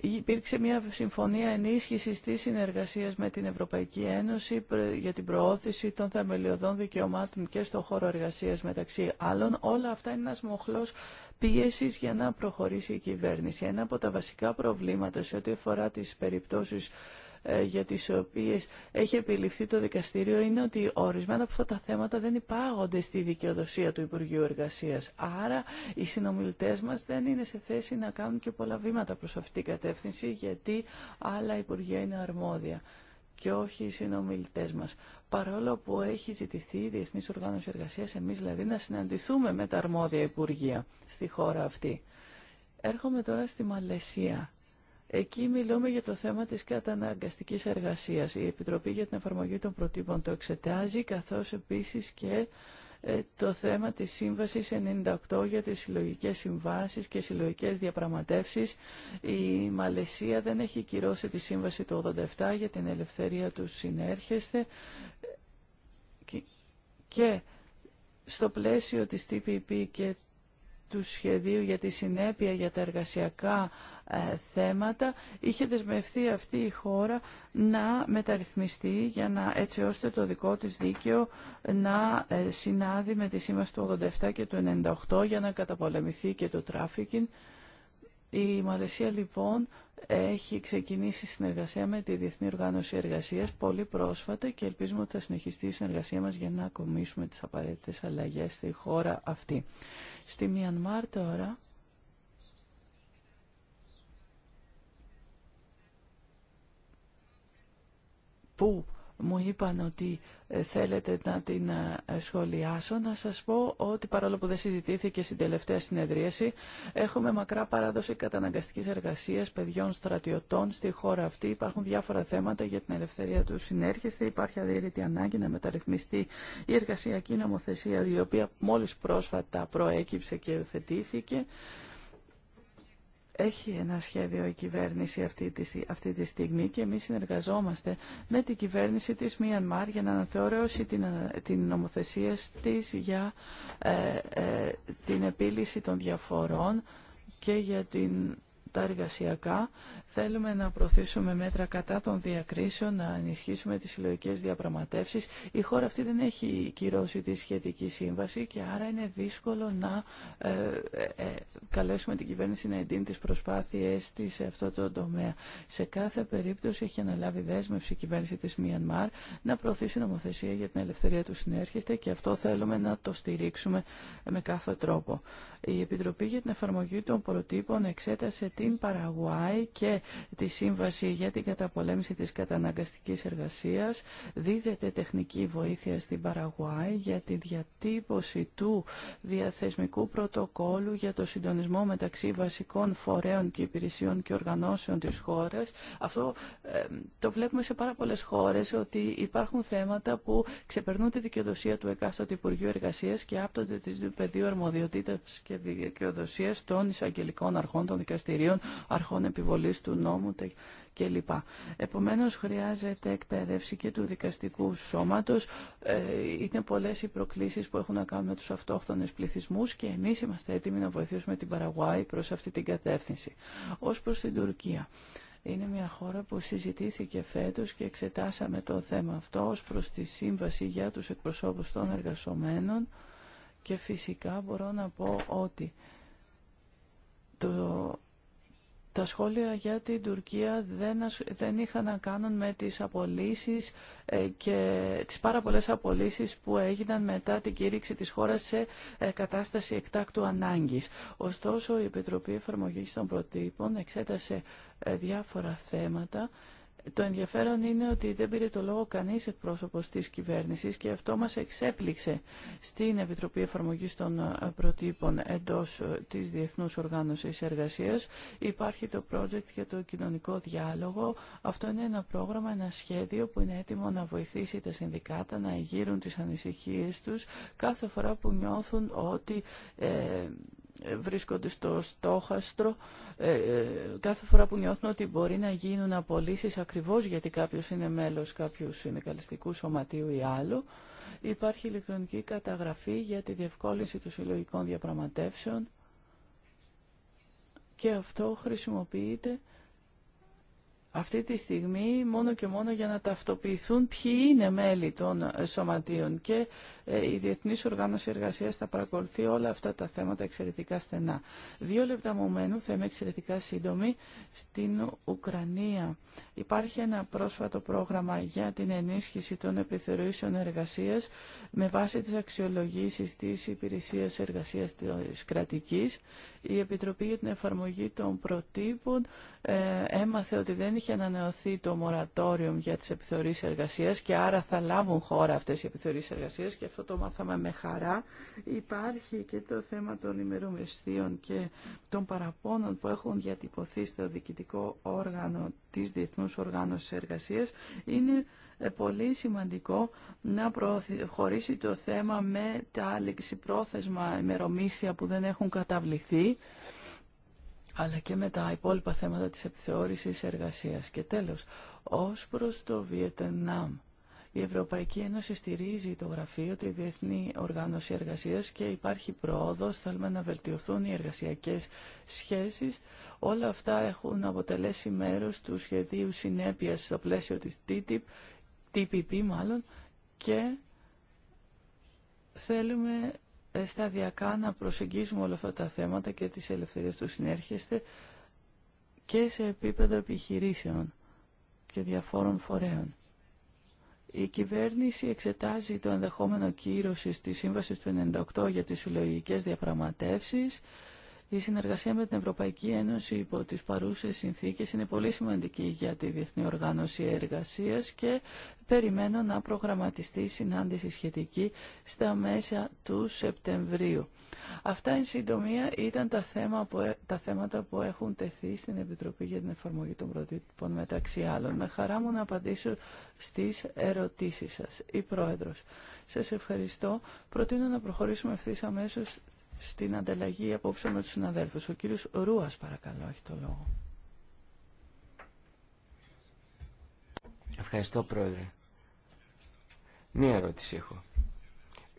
υπήρξε μια συμφωνία ενίσχυσης της συνεργασίας με την Ευρωπαϊκή Ένωση για την προώθηση των θεμελιωδών δικαιωμάτων και στον χώρο εργασίας μεταξύ άλλων. Όλα αυτά είναι ένας μοχλός πίεσης για να προχωρήσει η κυβέρνηση. Ένα από τα βασικά προβλήματα σε ό,τι αφορά τις περιπτώσεις ε, για τις οποίες έχει επιληφθεί το δικαστήριο είναι ότι ορισμένα από αυτά τα θέματα δεν υπάγονται στη δικαιοδοσία του Υπουργείου Εργασίας. Άρα οι συνομιλητές μας δεν είναι σε θέση να κάνουν και πολλά βήματα προς αυτή την κατεύθυνση γιατί άλλα Υπουργεία είναι αρμόδια και όχι οι συνομιλητές μας. Παρόλο που έχει ζητηθεί η διεθνή Οργάνωση Εργασίας, εμείς δηλαδή να συναντηθούμε με τα αρμόδια Υπουργεία στη χώρα αυτή. Έρχομαι τώρα στη Μαλαισία. Εκεί μιλούμε για το θέμα της καταναγκαστικής εργασίας. Η Επιτροπή για την Εφαρμογή των Προτύπων το εξετάζει, καθώς επίσης και ε, το θέμα της Σύμβασης 98 για τις συλλογικές συμβάσεις και συλλογικές διαπραγματεύσεις. Η Μαλαισία δεν έχει κυρώσει τη Σύμβαση του 87 για την ελευθερία του συνέρχεστε. και στο πλαίσιο της TPP και του σχεδίου για τη συνέπεια για τα εργασιακά ε, θέματα είχε δεσμευθεί αυτή η χώρα να μεταρρυθμιστεί για να, έτσι ώστε το δικό της δίκαιο να ε, συνάδει με τη σήμαση του 87 και του 98 για να καταπολεμηθεί και το τράφικιν η Μαλαισία λοιπόν έχει ξεκινήσει συνεργασία με τη Διεθνή Οργάνωση Εργασίας πολύ πρόσφατα και ελπίζουμε ότι θα συνεχιστεί η συνεργασία μας για να ακομίσουμε τις απαραίτητες αλλαγές στη χώρα αυτή. Στη Μιανμάρ τώρα που μου είπαν ότι ε, θέλετε να την ε, σχολιάσω, να σας πω ότι παρόλο που δεν συζητήθηκε στην τελευταία συνεδρίαση, έχουμε μακρά παράδοση καταναγκαστικής εργασίας παιδιών στρατιωτών στη χώρα αυτή. Υπάρχουν διάφορα θέματα για την ελευθερία του συνέρχεσθε. Υπάρχει αδίαιρετη ανάγκη να μεταρρυθμιστεί η εργασιακή νομοθεσία, η οποία μόλις πρόσφατα προέκυψε και υιοθετήθηκε έχει ένα σχέδιο η κυβέρνηση αυτή τη, αυτή στιγμή και εμείς συνεργαζόμαστε με την κυβέρνηση της Μιανμάρ για να αναθεωρώσει την, ε, την νομοθεσία της για ε, ε, την επίλυση των διαφορών και για την τα εργασιακά. Θέλουμε να προωθήσουμε μέτρα κατά των διακρίσεων, να ενισχύσουμε τις συλλογικέ διαπραγματεύσεις. Η χώρα αυτή δεν έχει κυρώσει τη σχετική σύμβαση και άρα είναι δύσκολο να ε, ε, ε, καλέσουμε την κυβέρνηση να εντείνει τις προσπάθειές της σε αυτό το τομέα. Σε κάθε περίπτωση έχει αναλάβει δέσμευση η κυβέρνηση της Μιανμάρ να προωθήσει νομοθεσία για την ελευθερία του συνέρχεστε και αυτό θέλουμε να το στηρίξουμε με κάθε τρόπο. Η Επιτροπή για την Εφαρμογή των Προτύπων εξέτασε τι στην Παραγουάη και τη Σύμβαση για την καταπολέμηση της καταναγκαστικής εργασίας. Δίδεται τεχνική βοήθεια στην Παραγουάη για τη διατύπωση του διαθεσμικού πρωτοκόλου για το συντονισμό μεταξύ βασικών φορέων και υπηρεσιών και οργανώσεων της χώρας. Αυτό ε, το βλέπουμε σε πάρα πολλές χώρες ότι υπάρχουν θέματα που ξεπερνούν τη δικαιοδοσία του εκάστοτε Υπουργείου Εργασίας και άπτονται της πεδίου αρμοδιοτήτας και δικαιοδοσίας των εισαγγελικών αρχών των δικαστηρίων Αρχών επιβολή του Νόμου κλπ. Επομένω, χρειάζεται εκπαίδευση και του δικαστικού σώματο. Ε, είναι πολλέ οι προκλήσει που έχουν να κάνουν με τους αυτόχθονες πληθυσμούς και εμεί είμαστε έτοιμοι να βοηθήσουμε την Παραγουάη προ αυτή την κατεύθυνση. Ω προ την Τουρκία. Είναι μια χώρα που συζητήθηκε φέτος και εξετάσαμε το θέμα αυτό ως προς τη Σύμβαση για τους εκπροσώπους των εργασομένων και φυσικά μπορώ να πω ότι το τα σχόλια για την Τουρκία δεν, δεν είχαν να κάνουν με τις απολύσεις ε, και τις πάρα πολλές απολύσεις που έγιναν μετά την κήρυξη της χώρας σε ε, κατάσταση εκτάκτου ανάγκης. Ωστόσο, η Επιτροπή Εφαρμογής των Προτύπων εξέτασε ε, διάφορα θέματα το ενδιαφέρον είναι ότι δεν πήρε το λόγο κανείς εκπρόσωπος της κυβέρνησης και αυτό μας εξέπληξε στην Επιτροπή Εφαρμογής των Προτύπων εντός της Διεθνούς Οργάνωσης Εργασίας. Υπάρχει το project για το κοινωνικό διάλογο. Αυτό είναι ένα πρόγραμμα, ένα σχέδιο που είναι έτοιμο να βοηθήσει τα συνδικάτα να γύρουν τις ανησυχίες τους κάθε φορά που νιώθουν ότι... Ε, βρίσκονται στο στόχαστρο ε, ε, κάθε φορά που νιώθουν ότι μπορεί να γίνουν απολύσει ακριβώς γιατί κάποιος είναι μέλος κάποιου συνεκαλιστικού σωματείου ή άλλου. Υπάρχει ηλεκτρονική καταγραφή για τη διευκόλυνση των συλλογικών διαπραγματεύσεων και αυτό χρησιμοποιείται αυτή τη στιγμή μόνο και μόνο για να ταυτοποιηθούν ποιοι είναι μέλη των σωματείων και ε, η Διεθνής Οργάνωση Εργασίας θα παρακολουθεί όλα αυτά τα θέματα εξαιρετικά στενά. Δύο λεπτά μου μένουν, θα είμαι εξαιρετικά σύντομη, στην Ουκρανία. Υπάρχει ένα πρόσφατο πρόγραμμα για την ενίσχυση των επιθεωρήσεων εργασίας με βάση τις αξιολογήσεις της Υπηρεσίας Εργασίας της Κρατικής. Η Επιτροπή για την Εφαρμογή των Προτύπων ε, έμαθε ότι δεν έχει ανανεωθεί το μορατόριο για τις επιθεωρήσεις εργασίας και άρα θα λάβουν χώρα αυτές οι επιθεωρήσεις εργασίας και αυτό το μάθαμε με χαρά. Υπάρχει και το θέμα των ημερομεστίων και των παραπώνων που έχουν διατυπωθεί στο διοικητικό όργανο της Διεθνούς Οργάνωσης Εργασίας. Είναι ε, πολύ σημαντικό να προχωρήσει το θέμα με τα λεξιπρόθεσμα ημερομίσθια που δεν έχουν καταβληθεί αλλά και με τα υπόλοιπα θέματα της επιθεώρησης εργασίας. Και τέλος, ως προς το Βιετνάμ. Η Ευρωπαϊκή Ένωση στηρίζει το γραφείο, τη Διεθνή Οργάνωση Εργασίας και υπάρχει πρόοδος, θέλουμε να βελτιωθούν οι εργασιακές σχέσεις. Όλα αυτά έχουν αποτελέσει μέρος του σχεδίου συνέπειας στο πλαίσιο της TTIP, TPP μάλλον, και θέλουμε σταδιακά να προσεγγίσουμε όλα αυτά τα θέματα και τις ελευθερίες του συνέρχεστε και σε επίπεδο επιχειρήσεων και διαφόρων φορέων. Η κυβέρνηση εξετάζει το ενδεχόμενο κύρωση της Σύμβασης του 98 για τις συλλογικές διαπραγματεύσεις η συνεργασία με την Ευρωπαϊκή Ένωση υπό τις παρούσες συνθήκες είναι πολύ σημαντική για τη Διεθνή Οργάνωση Εργασίας και περιμένω να προγραμματιστεί συνάντηση σχετική στα μέσα του Σεπτεμβρίου. Αυτά εν συντομία ήταν τα, θέμα ε, θέματα που έχουν τεθεί στην Επιτροπή για την Εφαρμογή των Προτύπων μεταξύ άλλων. Με χαρά μου να απαντήσω στις ερωτήσεις σας. Η Πρόεδρος, σας ευχαριστώ. Προτείνω να προχωρήσουμε ευθύ αμέσω στην ανταλλαγή απόψε με τους συναδέλφους. Ο κύριος Ρούας παρακαλώ έχει το λόγο. Ευχαριστώ πρόεδρε. Μία ερώτηση έχω.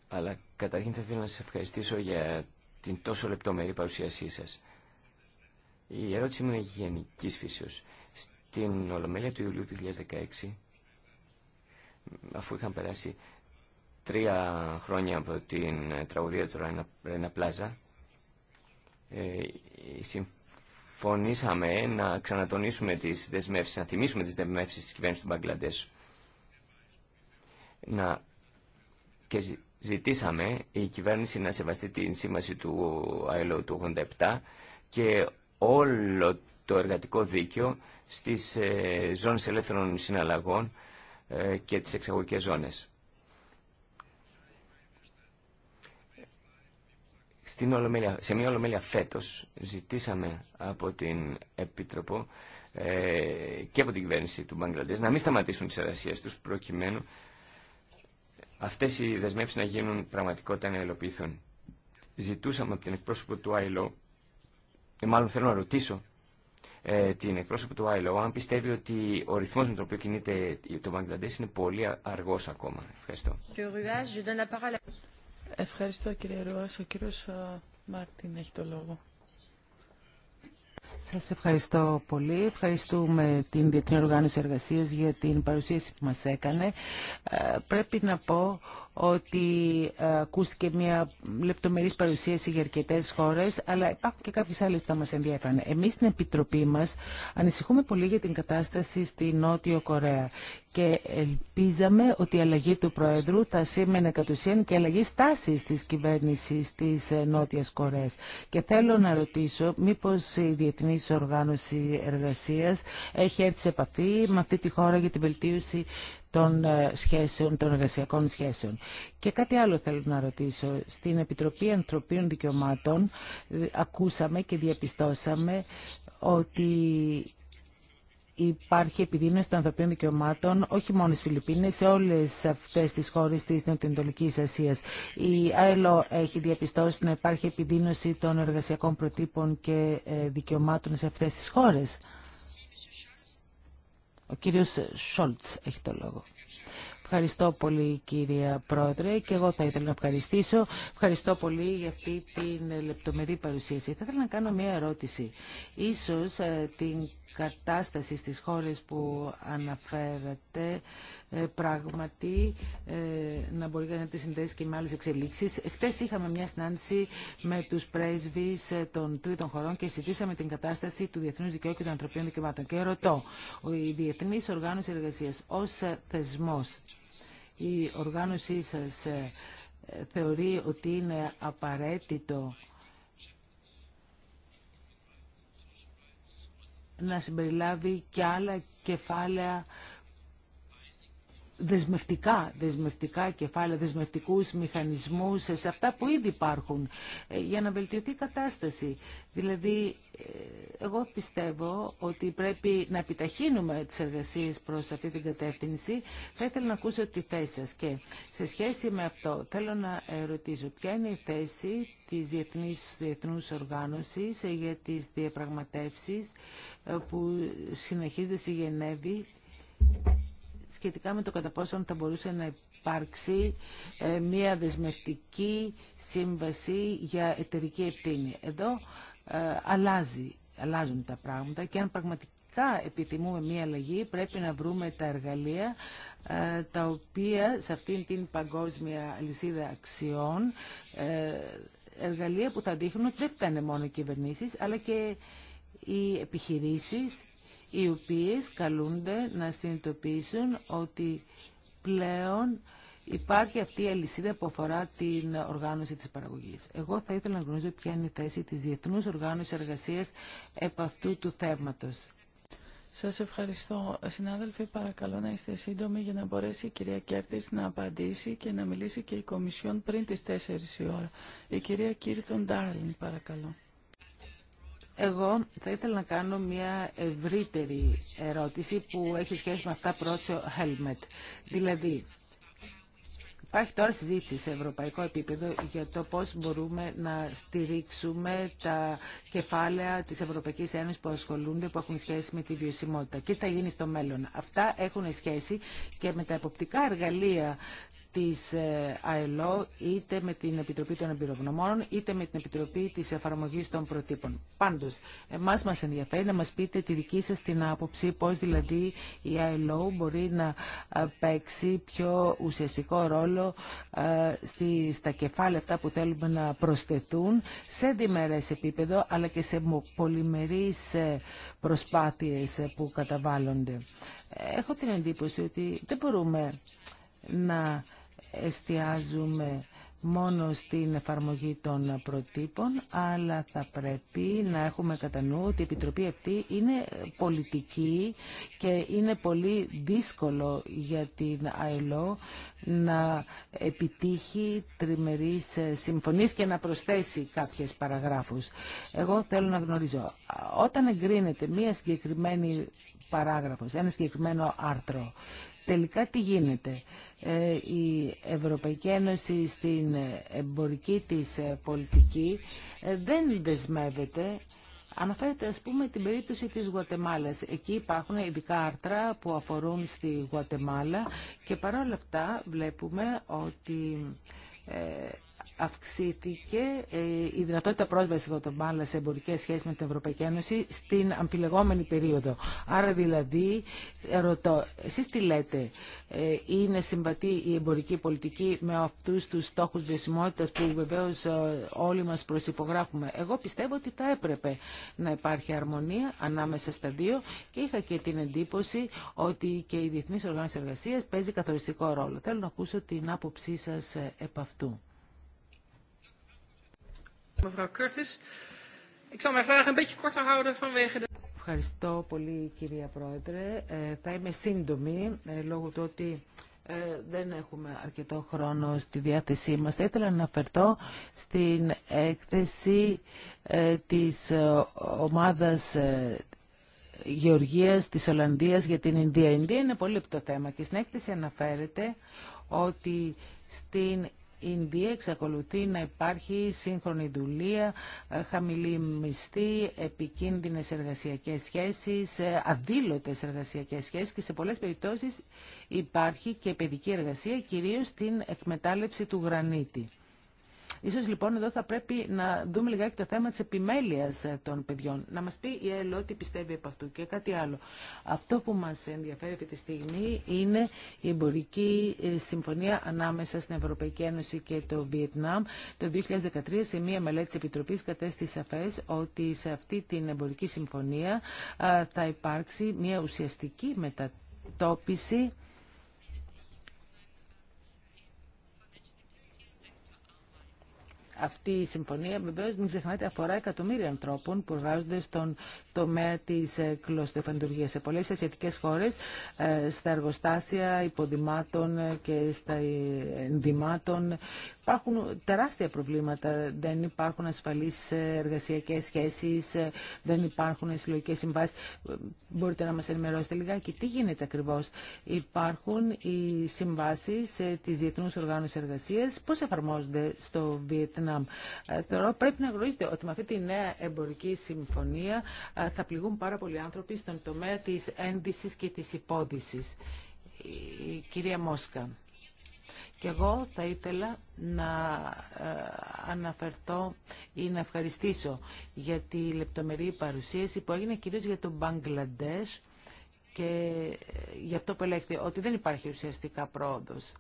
Αλλά καταρχήν θα ήθελα να σας ευχαριστήσω για την τόσο λεπτομερή παρουσίασή σας. Η ερώτηση μου είναι γενική φύσεως. Στην Ολομέλεια του Ιουλίου του 2016, αφού είχαν περάσει τρία χρόνια από την τραγουδία του Ρένα Πλάζα ε, συμφωνήσαμε να ξανατονίσουμε τις δεσμεύσεις, να θυμίσουμε τις δεσμεύσεις της κυβέρνησης του Μπαγκλαντές. Να... Και ζητήσαμε η κυβέρνηση να σεβαστεί την σύμβαση του ΑΕΛΟ του 87 και όλο το εργατικό δίκαιο στις ε, ζώνες ελεύθερων συναλλαγών ε, και τις εξαγωγικές ζώνες. Στην ολομέλεια, σε μια ολομέλεια φέτος ζητήσαμε από την Επίτροπο ε, και από την κυβέρνηση του Μπαγκλαντές να μην σταματήσουν τις εργασίες τους προκειμένου αυτές οι δεσμεύσεις να γίνουν πραγματικότητα να υλοποιηθούν. Ζητούσαμε από την εκπρόσωπο του Άιλο, ε, μάλλον θέλω να ρωτήσω ε, την εκπρόσωπο του ILO, αν πιστεύει ότι ο ρυθμός με τον οποίο κινείται το Μπαγκλαντές είναι πολύ αργός ακόμα. Ευχαριστώ. Ευχαριστώ κύριε Ρουάς. Ο κύριος ε, Μάρτιν έχει το λόγο. Σας ευχαριστώ πολύ. Ευχαριστούμε την Διεθνή Οργάνωση Εργασίας για την παρουσίαση που μας έκανε. Ε, πρέπει να πω ότι ε, ακούστηκε μια λεπτομερής παρουσίαση για αρκετέ χώρε, αλλά υπάρχουν και κάποιε άλλες που θα μα ενδιαφέρουν. Εμείς στην Επιτροπή μας ανησυχούμε πολύ για την κατάσταση στη Νότιο Κορέα και ελπίζαμε ότι η αλλαγή του Προέδρου θα σήμαινε κατ' ουσίαν και αλλαγή στάσης της κυβέρνησης της ε, Νότιας Κορέας. Και θέλω να ρωτήσω μήπω η διεθνή Οργάνωση εργασία έχει έρθει σε επαφή με αυτή τη χώρα για την βελτίωση των ε, σχέσεων, των εργασιακών σχέσεων. Και κάτι άλλο θέλω να ρωτήσω. Στην Επιτροπή Ανθρωπίνων Δικαιωμάτων ε, ακούσαμε και διαπιστώσαμε ότι υπάρχει επιδείνωση των ανθρωπίνων δικαιωμάτων όχι μόνο στις Φιλιππίνες, σε όλες αυτές τις χώρες της Νοτιοανατολικής Ασίας. Η ΑΕΛΟ έχει διαπιστώσει να υπάρχει επιδείνωση των εργασιακών προτύπων και ε, δικαιωμάτων σε αυτές τις χώρες. Ο κύριος Σόλτς έχει το λόγο. Ευχαριστώ πολύ κύρια Πρόεδρε και εγώ θα ήθελα να ευχαριστήσω. Ευχαριστώ πολύ για αυτή την λεπτομερή παρουσίαση. Θα ήθελα να κάνω μια ερώτηση. Ίσως ε, την κατάσταση στις χώρες που αναφέρατε ε, πράγματι ε, να μπορεί να τη συνδέσει και με άλλες εξελίξεις. Χτες είχαμε μια συνάντηση με τους πρέσβεις ε, των τρίτων χωρών και συζητήσαμε την κατάσταση του Διεθνούς Δικαίου και των Ανθρωπίνων Δικαιωμάτων. Και ρωτώ, η Διεθνής Οργάνωση Εργασίας ως θεσμός, η οργάνωσή σας θεωρεί ότι είναι απαραίτητο να συμπεριλάβει και άλλα κεφάλαια δεσμευτικά, δεσμευτικά κεφάλαια, δεσμευτικούς μηχανισμούς σε αυτά που ήδη υπάρχουν ε, για να βελτιωθεί η κατάσταση. Δηλαδή, ε, εγώ πιστεύω ότι πρέπει να επιταχύνουμε τις εργασίες προς αυτή την κατεύθυνση. Θα ήθελα να ακούσω τη θέση σας και σε σχέση με αυτό θέλω να ρωτήσω ποια είναι η θέση της Διεθνής Διεθνούς Οργάνωσης ε, για τις διαπραγματεύσεις ε, που συνεχίζονται στη Γενέβη σχετικά με το κατά πόσο θα μπορούσε να υπάρξει ε, μια δεσμευτική σύμβαση για εταιρική ευθύνη. Εδώ αλλάζει, αλλάζουν τα πράγματα και αν πραγματικά επιθυμούμε μία αλλαγή, πρέπει να βρούμε τα εργαλεία τα οποία σε αυτήν την παγκόσμια λυσίδα αξιών εργαλεία που θα δείχνουν ότι δεν φτάνε μόνο οι κυβερνήσεις, αλλά και οι επιχειρήσεις, οι οποίες καλούνται να συνειδητοποιήσουν ότι πλέον υπάρχει αυτή η αλυσίδα που αφορά την οργάνωση της παραγωγής. Εγώ θα ήθελα να γνωρίζω ποια είναι η θέση της Διεθνούς Οργάνωσης Εργασίας επ' αυτού του θέματος. Σας ευχαριστώ. Συνάδελφοι, παρακαλώ να είστε σύντομοι για να μπορέσει η κυρία Κέρτης να απαντήσει και να μιλήσει και η Κομισιόν πριν τις 4 η ώρα. Η κυρία Κίρτον Ντάρλιν, παρακαλώ. Εγώ θα ήθελα να κάνω μια ευρύτερη ερώτηση που έχει σχέση με αυτά ο Helmet. Δηλαδή, Υπάρχει τώρα συζήτηση σε ευρωπαϊκό επίπεδο για το πώς μπορούμε να στηρίξουμε τα κεφάλαια της Ευρωπαϊκής Ένωσης που ασχολούνται, που έχουν σχέση με τη βιωσιμότητα. Και τι θα γίνει στο μέλλον. Αυτά έχουν σχέση και με τα εποπτικά εργαλεία της ε, ΑΕΛΟ είτε με την Επιτροπή των Εμπειρογνωμών, είτε με την Επιτροπή της Εφαρμογής των Προτύπων. Πάντως, εμάς μας ενδιαφέρει να μας πείτε τη δική σας την άποψη πώς δηλαδή η ΑΕΛΟ μπορεί να ε, παίξει πιο ουσιαστικό ρόλο ε, στα κεφάλαια αυτά που θέλουμε να προσθεθούν σε διμερές επίπεδο αλλά και σε πολυμερείς προσπάθειες που καταβάλλονται. Έχω την εντύπωση ότι δεν μπορούμε να εστιάζουμε μόνο στην εφαρμογή των προτύπων, αλλά θα πρέπει να έχουμε κατά νου ότι η Επιτροπή αυτή είναι πολιτική και είναι πολύ δύσκολο για την ΑΕΛΟ να επιτύχει τριμερείς συμφωνίες και να προσθέσει κάποιες παραγράφους. Εγώ θέλω να γνωρίζω, όταν εγκρίνεται μία συγκεκριμένη παράγραφος, ένα συγκεκριμένο άρθρο, Τελικά τι γίνεται. Ε, η Ευρωπαϊκή Ένωση στην εμπορική της ε, πολιτική ε, δεν δεσμεύεται Αναφέρεται, ας πούμε, την περίπτωση της Γουατεμάλας. Εκεί υπάρχουν ειδικά άρθρα που αφορούν στη Γουατεμάλα και παρόλα αυτά βλέπουμε ότι αυξήθηκε ε, η δυνατότητα πρόσβασης Μπάλα σε εμπορικές σχέσεις με την Ευρωπαϊκή Ένωση στην αμφιλεγόμενη περίοδο. Άρα δηλαδή, ρωτώ, εσείς τι λέτε, ε, είναι συμβατή η εμπορική πολιτική με αυτούς τους στόχους βιωσιμότητας που βεβαίως ε, όλοι μας προσυπογράφουμε. Εγώ πιστεύω ότι θα έπρεπε να υπάρχει αρμονία ανάμεσα στα δύο και είχα και την εντύπωση ότι και η Διεθνής Οργάνωση Εργασίας παίζει καθοριστικό ρόλο. Θέλω να ακούσω την άποψή σας επ' αυτού. Ευχαριστώ πολύ κυρία Πρόεδρε. Ε, θα είμαι σύντομη ε, λόγω του ότι ε, δεν έχουμε αρκετό χρόνο στη διάθεσή μας. Θα ήθελα να αναφερθώ στην έκθεση ε, της ε, ομάδας Γεωργίας της Ολλανδίας για την Ινδία. Η Ινδία είναι πολύ λεπτό θέμα και στην έκθεση αναφέρεται ότι στην Ινδία εξακολουθεί να υπάρχει σύγχρονη δουλεία, ε, χαμηλή μισθή, επικίνδυνες εργασιακές σχέσεις, ε, αδήλωτες εργασιακές σχέσεις και σε πολλές περιπτώσεις υπάρχει και παιδική εργασία, κυρίως στην εκμετάλλευση του γρανίτη. Ίσως λοιπόν εδώ θα πρέπει να δούμε λιγάκι το θέμα της επιμέλειας ε, των παιδιών. Να μας πει η ΕΛΟ τι πιστεύει από αυτού και κάτι άλλο. Αυτό που μας ενδιαφέρει αυτή τη στιγμή είναι η εμπορική ε, συμφωνία ανάμεσα στην Ευρωπαϊκή Ένωση και το Βιετνάμ. Το 2013 σε μία μελέτη της Επιτροπής κατέστησε σαφές ότι σε αυτή την εμπορική συμφωνία θα υπάρξει μία ουσιαστική μετατόπιση Αυτή η συμφωνία, βεβαίω, μην ξεχνάτε, αφορά εκατομμύρια ανθρώπων που εργάζονται στον τομέα τη ε, κλωστεφαντουργία. Σε πολλέ ασιατικέ χώρε, ε, στα εργοστάσια υποδημάτων ε, και στα ενδυμάτων Υπάρχουν τεράστια προβλήματα. Δεν υπάρχουν ασφαλείς εργασιακές σχέσεις, δεν υπάρχουν συλλογικέ συμβάσει. Μπορείτε να μας ενημερώσετε λιγάκι τι γίνεται ακριβώς. Υπάρχουν οι συμβάσεις ε, της Διεθνούς Οργάνωσης εργασία, Πώς εφαρμόζονται στο Βιετνάμ. Ε, θεωρώ πρέπει να γνωρίζετε ότι με αυτή τη νέα εμπορική συμφωνία ε, θα πληγούν πάρα πολλοί άνθρωποι στον τομέα της ένδυσης και της υπόδησης. Η κυρία Μόσκα. Και εγώ θα ήθελα να ε, αναφερθώ ή να ευχαριστήσω για τη λεπτομερή παρουσίαση που έγινε κυρίως για τον Μπαγκλαντές και ε, γι' αυτό που ελέγχθη ότι δεν υπάρχει ουσιαστικά πρόοδος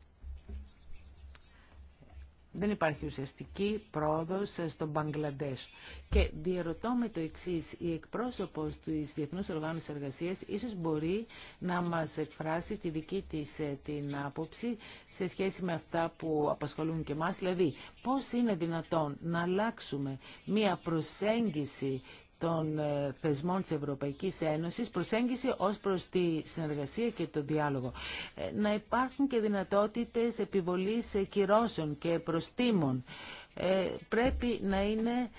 δεν υπάρχει ουσιαστική πρόοδος στο Μπαγκλαντές. Και διαρωτώ με το εξής, η εκπρόσωπος της Διεθνούς Οργάνωσης Εργασίας ίσως μπορεί να μας εκφράσει τη δική της ε, την άποψη σε σχέση με αυτά που απασχολούν και μας, δηλαδή πώς είναι δυνατόν να αλλάξουμε μία προσέγγιση των ε, θεσμών της Ευρωπαϊκής Ένωσης προσέγγιση ως προς τη συνεργασία και τον διάλογο. Ε, να υπάρχουν και δυνατότητες επιβολής ε, κυρώσεων και προστήμων. Πρέπει να είναι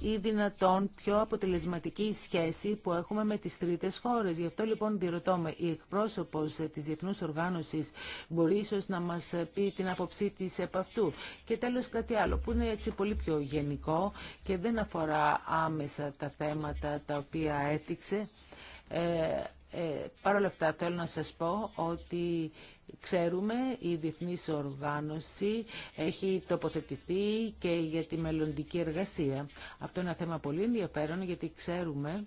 ή δυνατόν πιο αποτελεσματική σχέση που έχουμε με τις τρίτες χώρες. Γι' αυτό λοιπόν διερωτώ με, η εκπρόσωπος της Διεθνούς Οργάνωσης μπορεί ίσως να μας πει την άποψή της επ' αυτού. Και τέλος κάτι άλλο που είναι έτσι πολύ πιο γενικό και δεν αφορά άμεσα τα θέματα τα οποία έθιξε. Ε, ε, Παρ' όλα αυτά θέλω να σας πω ότι ξέρουμε η Διεθνής Οργάνωση έχει τοποθετηθεί και για τη μελλοντική εργασία. Αυτό είναι ένα θέμα πολύ ενδιαφέρον γιατί ξέρουμε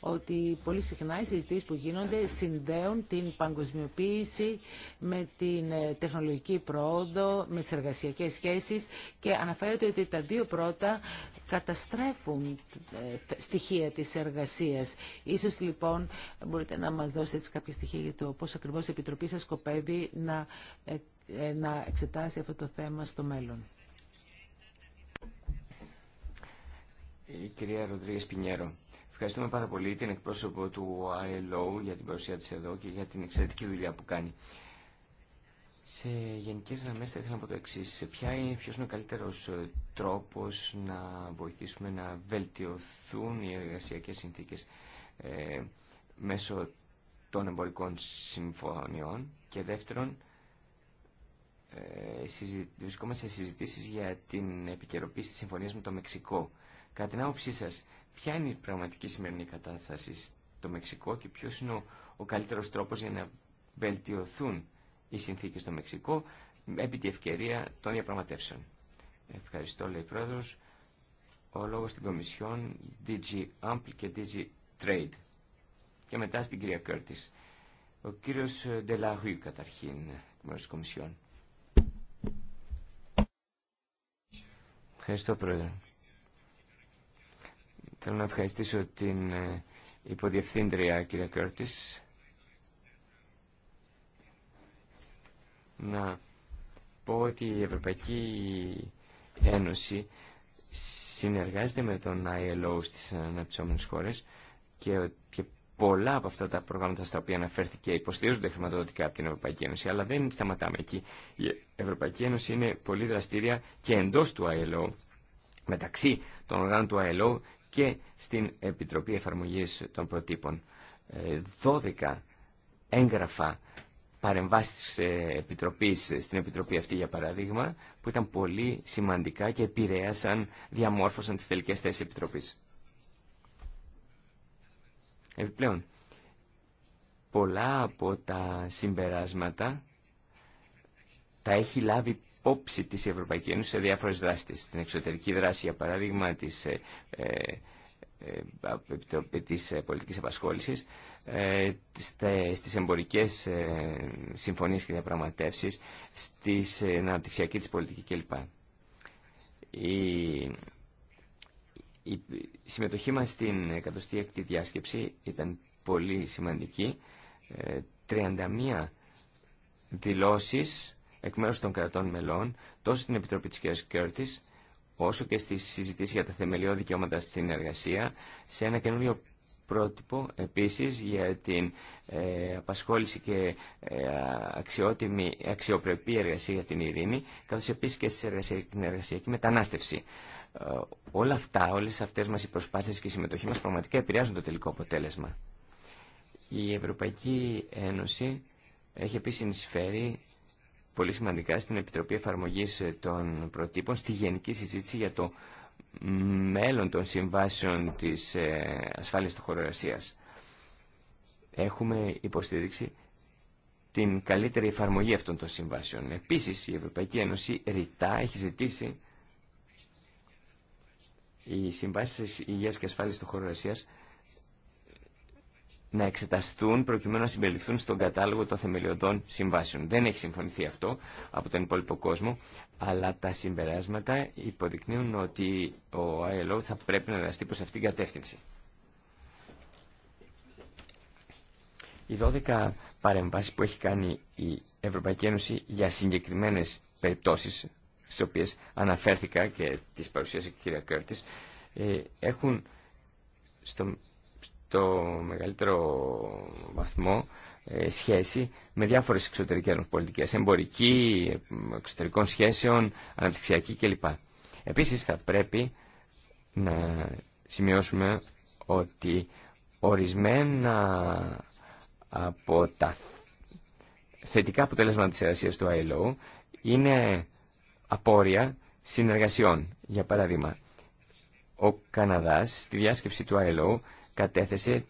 ότι πολύ συχνά οι συζητήσεις που γίνονται συνδέουν την παγκοσμιοποίηση με την ε, τεχνολογική πρόοδο, με τις εργασιακές σχέσεις και αναφέρεται ότι τα δύο πρώτα καταστρέφουν ε, στοιχεία της εργασίας. Ίσως λοιπόν μπορείτε να μας δώσετε κάποια στοιχεία για το πώς ακριβώς η Επιτροπή σας σκοπεύει να, ε, εξετάσει αυτό το θέμα στο μέλλον. Ευχαριστούμε πάρα πολύ την εκπρόσωπο του ILO για την παρουσία της εδώ και για την εξαιρετική δουλειά που κάνει. Σε γενικέ γραμμέ θα ήθελα να πω το εξή. Ποιο είναι ο καλύτερο ε, τρόπο να βοηθήσουμε να βελτιωθούν οι εργασιακέ συνθήκε ε, μέσω των εμπορικών συμφωνιών και δεύτερον, ε, βρισκόμαστε σε συζητήσει για την επικαιροποίηση τη συμφωνία με το Μεξικό. Κατά την άποψή σα ποια είναι η πραγματική σημερινή κατάσταση στο Μεξικό και ποιος είναι ο, ο καλύτερος τρόπος για να βελτιωθούν οι συνθήκες στο Μεξικό επί τη ευκαιρία των διαπραγματεύσεων. Ευχαριστώ, λέει πρόεδρος. Ο λόγος στην Κομισιόν, DG Ample και DG Trade. Και μετά στην κυρία Κέρτης. Ο κύριος Ντελαγού καταρχήν, μέρος της Κομισιόν. Ευχαριστώ, πρόεδρε. Θέλω να ευχαριστήσω την ε, υποδιευθύντρια κυρία Κέρτης να πω ότι η Ευρωπαϊκή Ένωση συνεργάζεται με τον ILO στις αναπτυσσόμενες χώρες και, και πολλά από αυτά τα προγράμματα στα οποία αναφέρθηκε υποστηρίζονται χρηματοδοτικά από την Ευρωπαϊκή Ένωση, αλλά δεν σταματάμε εκεί. Η Ευρωπαϊκή Ένωση είναι πολύ δραστήρια και εντός του ILO, μεταξύ των οργάνων του ILO και στην Επιτροπή Εφαρμογής των Προτύπων. 12 ε, έγγραφα παρεμβάσεις ε, Επιτροπής, ε, στην Επιτροπή αυτή για παράδειγμα, που ήταν πολύ σημαντικά και επηρέασαν, διαμόρφωσαν τις τελικές θέσεις Επιτροπής. Επιπλέον, πολλά από τα συμπεράσματα τα έχει λάβει όψη της Ευρωπαϊκής Ένωσης σε διάφορες δράσεις Στην εξωτερική δράση, για παράδειγμα, της, ε, ε, ε της πολιτικής απασχόλησης, ε, στις εμπορικές ε, συμφωνίες και διαπραγματεύσεις, στις ε, αναπτυξιακή της πολιτική κλπ. Η, η συμμετοχή μας στην εκατοστή έκτη διάσκεψη ήταν πολύ σημαντική. 31 ε, δηλώσεις εκ μέρους των κρατών μελών τόσο στην Επιτροπή της κ. Κέρτης όσο και στη συζητήση για τα θεμελιώδη δικαιώματα στην εργασία σε ένα καινούριο πρότυπο επίσης για την ε, απασχόληση και ε, αξιότιμη, αξιοπρεπή εργασία για την ειρήνη καθώς επίσης και στην εργασιακή, μετανάστευση. Ε, όλα αυτά, όλες αυτές μας οι προσπάθειες και η συμμετοχή μας πραγματικά επηρεάζουν το τελικό αποτέλεσμα. Η Ευρωπαϊκή Ένωση έχει επίσης συνεισφέρει πολύ σημαντικά στην Επιτροπή Εφαρμογής ε, των Προτύπων στη γενική συζήτηση για το μέλλον των συμβάσεων της ε, ασφάλειας του χώρου Έχουμε υποστηρίξει την καλύτερη εφαρμογή αυτών των συμβάσεων. Επίσης, η Ευρωπαϊκή Ένωση ρητά έχει ζητήσει οι συμβάσει υγεία και ασφάλεια του χώρου να εξεταστούν προκειμένου να συμπεριληφθούν στον κατάλογο των θεμελιωδών συμβάσεων. Δεν έχει συμφωνηθεί αυτό από τον υπόλοιπο κόσμο, αλλά τα συμπεράσματα υποδεικνύουν ότι ο ILO θα πρέπει να εργαστεί προ αυτήν την κατεύθυνση. Οι 12 παρεμβάσει που έχει κάνει η Ευρωπαϊκή Ένωση για συγκεκριμένε περιπτώσει, στι οποίε αναφέρθηκα και τι παρουσίασε η κυρία Κέρτη, ε, έχουν στο το μεγαλύτερο βαθμό ε, σχέση με διάφορες εξωτερικές πολιτικές, εμπορική, εξωτερικών σχέσεων, αναπτυξιακή κλπ. Επίσης θα πρέπει να σημειώσουμε ότι ορισμένα από τα θετικά αποτελέσματα της εργασίας του ILO είναι απόρρια συνεργασιών. Για παράδειγμα, ο Καναδάς στη διάσκεψη του ILO κατέθεσε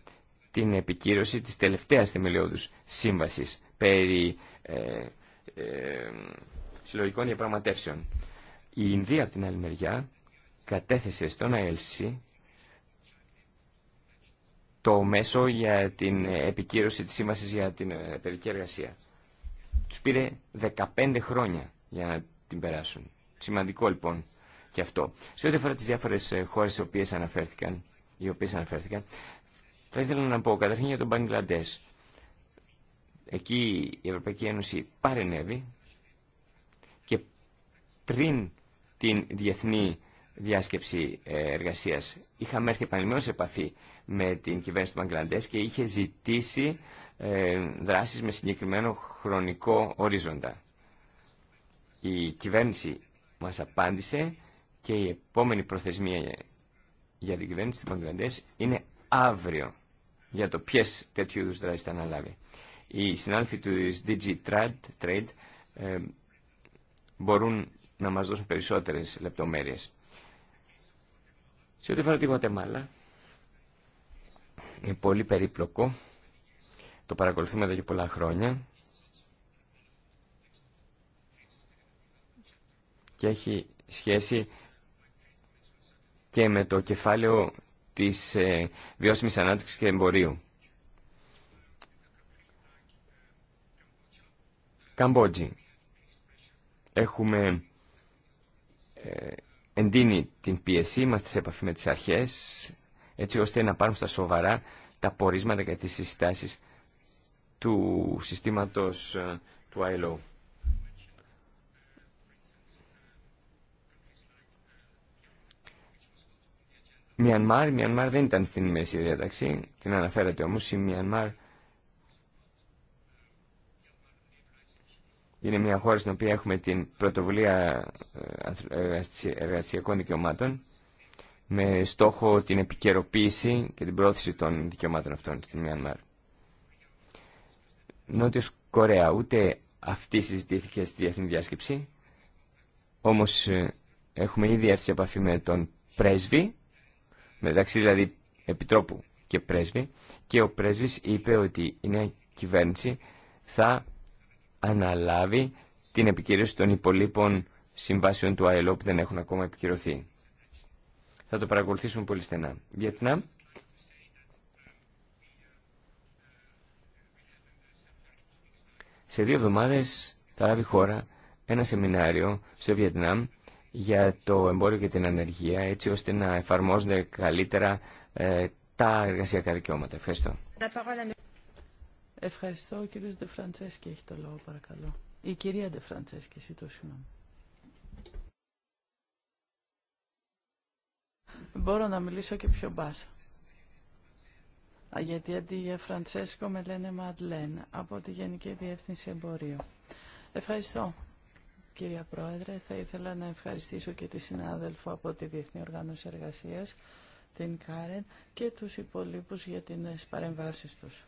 την επικύρωση της τελευταίας θεμελιώδους σύμβασης περί ε, ε, συλλογικών διαπραγματεύσεων. Η Ινδία, από την άλλη μεριά, κατέθεσε στον ΑΕΛΣΥ το μέσο για την επικύρωση της σύμβασης για την ε, παιδική εργασία. Τους πήρε 15 χρόνια για να την περάσουν. Σημαντικό λοιπόν και αυτό. Σε ό,τι αφορά τις διάφορες χώρες στις οποίες αναφέρθηκαν, οι οποίε αναφέρθηκαν. Θα ήθελα να πω καταρχήν για τον Μπαγκλαντέ. Εκεί η Ευρωπαϊκή Ένωση παρενέβη και πριν την διεθνή διάσκεψη ε, εργασίας είχαμε έρθει επανειλημμένω σε επαφή με την κυβέρνηση του Μπαγκλαντέ και είχε ζητήσει ε, δράσεις με συγκεκριμένο χρονικό ορίζοντα. Η κυβέρνηση μας απάντησε και η επόμενη προθεσμία για την κυβέρνηση της είναι αύριο για το ποιε τέτοιου είδου δράσει θα αναλάβει. Οι συνάδελφοι του DG Trade, ε, μπορούν να μας δώσουν περισσότερες λεπτομέρειες. Σε ό,τι αφορά τη Γουατεμάλα, είναι πολύ περίπλοκο. Το παρακολουθούμε εδώ και πολλά χρόνια. Και έχει σχέση και με το κεφάλαιο της ε, βιώσιμης ανάπτυξης και εμπορίου. Καμπότζη. Έχουμε ε, εντείνει την πίεση μας σε επαφή με τις αρχές, έτσι ώστε να πάρουμε στα σοβαρά τα πορίσματα και τις συστάσεις του συστήματος ε, του ILO. Μιανμάρ, Μιανμάρ δεν ήταν στην μέση διάταξη, την αναφέρατε όμως, η Μιανμάρ είναι μια χώρα στην οποία έχουμε την πρωτοβουλία ε, ε, εργασιακών δικαιωμάτων με στόχο την επικαιροποίηση και την πρόθεση των δικαιωμάτων αυτών στην Μιανμάρ. Νότιος Κορέα, ούτε αυτή συζητήθηκε στη διεθνή διάσκεψη, όμως ε, έχουμε ήδη έρθει σε επαφή με τον πρέσβη μεταξύ δηλαδή επιτρόπου και πρέσβη και ο πρέσβης είπε ότι η νέα κυβέρνηση θα αναλάβει την επικύρωση των υπολείπων συμβάσεων του ΑΕΛΟ που δεν έχουν ακόμα επικυρωθεί. Θα το παρακολουθήσουμε πολύ στενά. Βιετνάμ. Σε δύο εβδομάδες θα λάβει χώρα ένα σεμινάριο στο Βιετνάμ για το εμπόριο και την ανεργία, έτσι ώστε να εφαρμόζονται καλύτερα ε, τα εργασιακά δικαιώματα. Ευχαριστώ. Ευχαριστώ. Ο κύριος Ντεφραντσέσκη έχει το λόγο, παρακαλώ. Η κυρία Ντεφραντσέσκη, εσύ το συγγνώμη. Μπορώ να μιλήσω και πιο μπάσα. Γιατί αντί για Φραντσέσκο με λένε Μαντλέν από τη Γενική Διεύθυνση Εμπορίου. Ευχαριστώ κύριε Πρόεδρε. Θα ήθελα να ευχαριστήσω και τη συνάδελφο από τη Διεθνή Οργάνωση Εργασίας, την Κάρεν, και τους υπολείπους για τις παρεμβάσεις τους.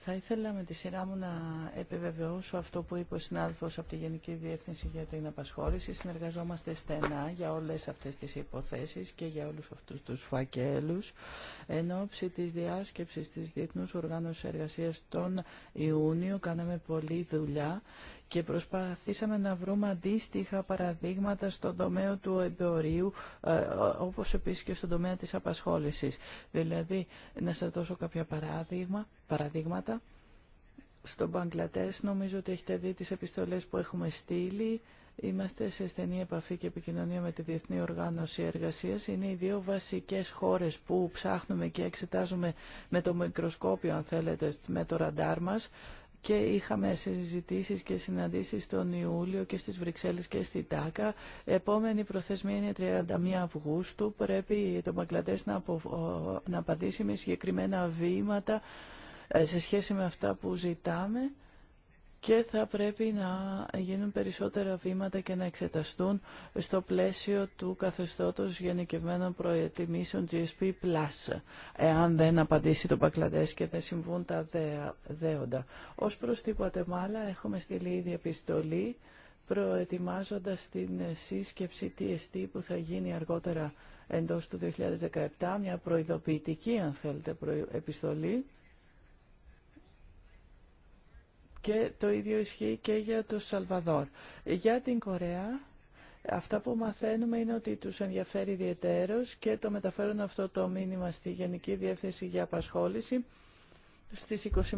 Θα ήθελα με τη σειρά μου να επιβεβαιώσω αυτό που είπε ο συνάδελφος από τη Γενική Διεύθυνση για την Απασχόληση. Συνεργαζόμαστε στενά για όλε αυτέ τι υποθέσει και για όλου αυτού του φακέλου. Εν ώψη τη διάσκεψη τη Διεθνού Οργάνωση Εργασία τον Ιούνιο, κάναμε πολλή δουλειά και προσπαθήσαμε να βρούμε αντίστοιχα παραδείγματα στον τομέα του εμπορίου, ε, όπως επίσης και στον τομέα της απασχόλησης. Δηλαδή, να σας δώσω κάποια παράδειγμα, παραδείγματα. Στον Μπαγκλατές νομίζω ότι έχετε δει τις επιστολές που έχουμε στείλει. Είμαστε σε στενή επαφή και επικοινωνία με τη Διεθνή Οργάνωση Εργασίας. Είναι οι δύο βασικές χώρες που ψάχνουμε και εξετάζουμε με το μικροσκόπιο, αν θέλετε, με το ραντάρ μας και είχαμε συζητήσεις και συναντήσεις τον Ιούλιο και στις Βρυξέλλες και στη Τάκα. Επόμενη προθεσμία είναι 31 Αυγούστου. Πρέπει το Μαγκλαντές να, απο... να απαντήσει με συγκεκριμένα βήματα ε, σε σχέση με αυτά που ζητάμε και θα πρέπει να γίνουν περισσότερα βήματα και να εξεταστούν στο πλαίσιο του καθεστώτος γενικευμένων προετοιμήσεων GSP+, εάν δεν απαντήσει το Πακλαντές και θα συμβούν τα δέοντα. Ως προς την Πατεμάλα έχουμε στείλει ήδη επιστολή προετοιμάζοντας την σύσκεψη TST που θα γίνει αργότερα εντός του 2017, μια προειδοποιητική αν θέλετε επιστολή Και το ίδιο ισχύει και για το Σαλβαδόρ. Για την Κορέα, αυτά που μαθαίνουμε είναι ότι τους ενδιαφέρει ιδιαιτέρως και το μεταφέρουν αυτό το μήνυμα στη Γενική Διεύθυνση για Απασχόληση. Στις 21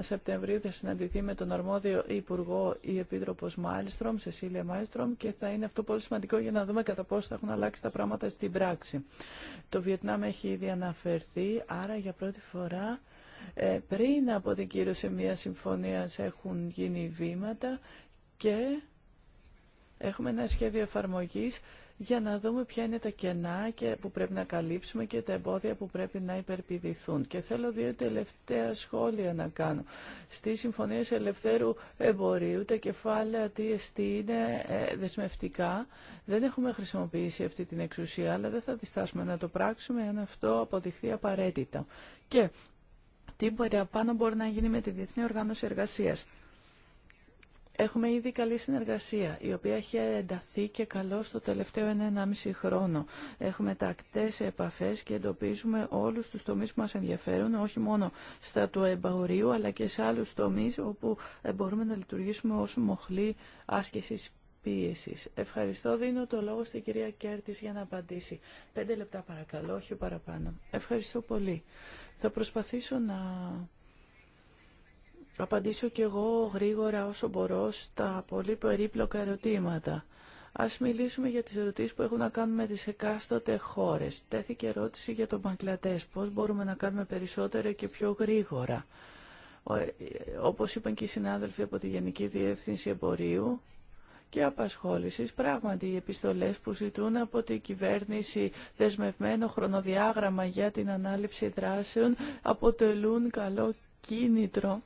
Σεπτεμβρίου θα συναντηθεί με τον αρμόδιο Υπουργό η Επίτροπος Μάλστρομ, Σεσίλια Μάλστρομ και θα είναι αυτό πολύ σημαντικό για να δούμε κατά πόσο θα έχουν αλλάξει τα πράγματα στην πράξη. Το Βιετνάμ έχει ήδη αναφερθεί, άρα για πρώτη φορά ε, πριν από την κύρωση μία συμφωνίας έχουν γίνει βήματα και έχουμε ένα σχέδιο εφαρμογής για να δούμε ποια είναι τα κενά και που πρέπει να καλύψουμε και τα εμπόδια που πρέπει να υπερπηδηθούν. Και θέλω δύο τελευταία σχόλια να κάνω. Στι συμφωνίε ελευθέρου εμπορίου τα κεφάλαια TST είναι ε, δεσμευτικά. Δεν έχουμε χρησιμοποιήσει αυτή την εξουσία, αλλά δεν θα διστάσουμε να το πράξουμε αν αυτό αποδειχθεί απαραίτητα. Και τι παραπάνω μπορεί να γίνει με τη Διεθνή Οργάνωση Εργασίας. Έχουμε ήδη καλή συνεργασία, η οποία έχει ενταθεί και καλό στο τελευταίο 1,5 χρόνο. Έχουμε τακτές επαφές και εντοπίζουμε όλους τους τομείς που μας ενδιαφέρουν, όχι μόνο στα του εμπαωρίου, αλλά και σε άλλους τομείς όπου μπορούμε να λειτουργήσουμε ως μοχλή άσκησης Ευχαριστώ. Δίνω το λόγο στην κυρία Κέρτης για να απαντήσει. Πέντε λεπτά παρακαλώ, όχι παραπάνω. Ευχαριστώ πολύ. Θα προσπαθήσω να απαντήσω κι εγώ γρήγορα όσο μπορώ στα πολύ περίπλοκα ερωτήματα. Ας μιλήσουμε για τις ερωτήσεις που έχουν να κάνουν με τις εκάστοτε χώρες. Τέθηκε ερώτηση για τον Μπαγκλατές. Πώς μπορούμε να κάνουμε περισσότερο και πιο γρήγορα. Ε, όπως είπαν και οι συνάδελφοι από τη Γενική Διεύθυνση Εμπορίου, και απασχόλησης. Πράγματι, οι επιστολές που ζητούν από την κυβέρνηση δεσμευμένο χρονοδιάγραμμα για την ανάληψη δράσεων αποτελούν καλό κίνητρο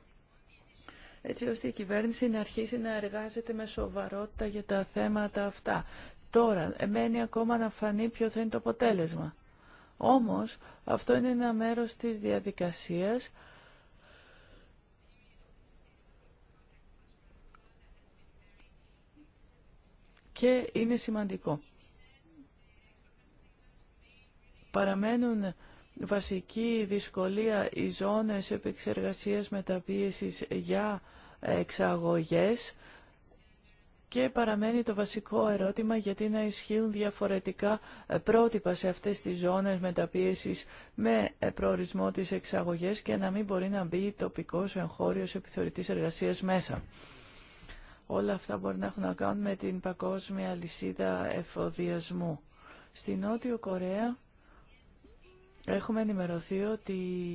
έτσι ώστε η κυβέρνηση να αρχίσει να εργάζεται με σοβαρότητα για τα θέματα αυτά. Τώρα, μένει ακόμα να φανεί ποιο θα είναι το αποτέλεσμα. Όμως, αυτό είναι ένα μέρος της διαδικασίας και είναι σημαντικό. Παραμένουν βασική δυσκολία οι ζώνες επεξεργασίας μεταπίεσης για εξαγωγές και παραμένει το βασικό ερώτημα γιατί να ισχύουν διαφορετικά πρότυπα σε αυτές τις ζώνες μεταπίεσης με προορισμό τις εξαγωγές και να μην μπορεί να μπει τοπικός εγχώριος επιθεωρητής εργασίας μέσα. Όλα αυτά μπορεί να έχουν να κάνουν με την παγκόσμια λυσίδα εφοδιασμού. Στη Νότιο Κορέα έχουμε ενημερωθεί ότι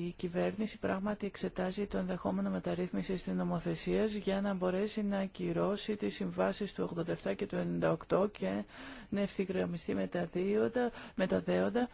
η κυβέρνηση πράγματι εξετάζει το ενδεχόμενο μεταρρύθμιση της νομοθεσία για να μπορέσει να ακυρώσει τις συμβάσεις του 87 και του 98 και να ευθυγραμμιστεί με τα δέοντα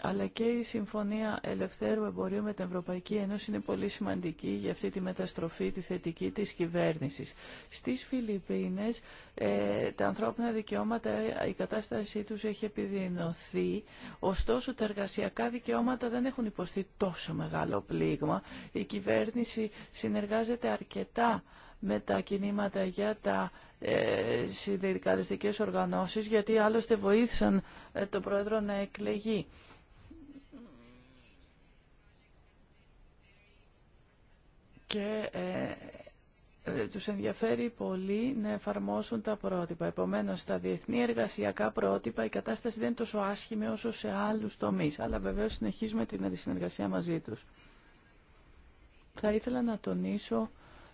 αλλά και η Συμφωνία Ελευθέρου Εμπορίου με την Ευρωπαϊκή Ένωση είναι πολύ σημαντική για αυτή τη μεταστροφή τη θετική της κυβέρνησης. Στις Φιλιππίνες ε, τα ανθρώπινα δικαιώματα, η κατάστασή τους έχει επιδεινωθεί, ωστόσο τα εργασιακά δικαιώματα δεν έχουν υποστεί τόσο μεγάλο πλήγμα. Η κυβέρνηση συνεργάζεται αρκετά με τα κινήματα για τα ε, συνδικαλιστικές οργανώσεις, γιατί άλλωστε βοήθησαν ε, τον Πρόεδρο να εκλεγεί. και ε, ε, τους ενδιαφέρει πολύ να εφαρμόσουν τα πρότυπα. Επομένως, στα διεθνή εργασιακά πρότυπα η κατάσταση δεν είναι τόσο άσχημη όσο σε άλλους τομείς, αλλά βεβαίως συνεχίζουμε την συνεργασία μαζί τους. Θα ήθελα να τονίσω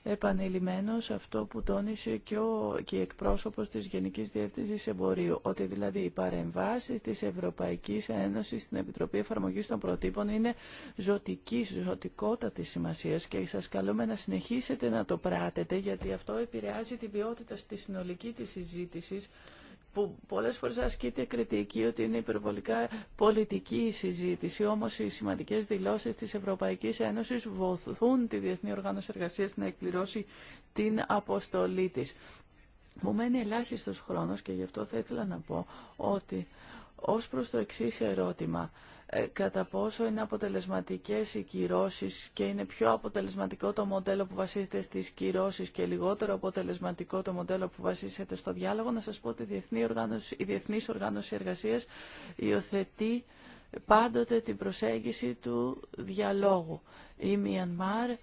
επανειλημμένος αυτό που τόνισε και, ο, και η εκπρόσωπος της Γενικής Διεύθυνσης Εμπορίου, ότι δηλαδή οι παρεμβάσει της Ευρωπαϊκής Ένωσης στην Επιτροπή Εφαρμογής των Προτύπων είναι ζωτική, ζωτικότατη σημασία και σας καλούμε να συνεχίσετε να το πράτετε γιατί αυτό επηρεάζει την ποιότητα στη συνολική της συζήτησης που πολλές φορές ασκείται κριτική ότι είναι υπερβολικά πολιτική η συζήτηση, όμως οι σημαντικές δηλώσεις της Ευρωπαϊκής Ένωσης βοηθούν τη Διεθνή Οργάνωση Εργασίας να εκπληρώσει την αποστολή της. Μου μένει ελάχιστος χρόνος και γι' αυτό θα ήθελα να πω ότι ως προς το εξής ερώτημα, ε, κατά πόσο είναι αποτελεσματικές οι κυρώσεις και είναι πιο αποτελεσματικό το μοντέλο που βασίζεται στις κυρώσεις και λιγότερο αποτελεσματικό το μοντέλο που βασίζεται στο διάλογο, να σας πω ότι η, Διεθνή Οργάνωση, η Διεθνής Οργάνωση Εργασίας υιοθετεί πάντοτε την προσέγγιση του διαλόγου. Η Μιανμάρ ε,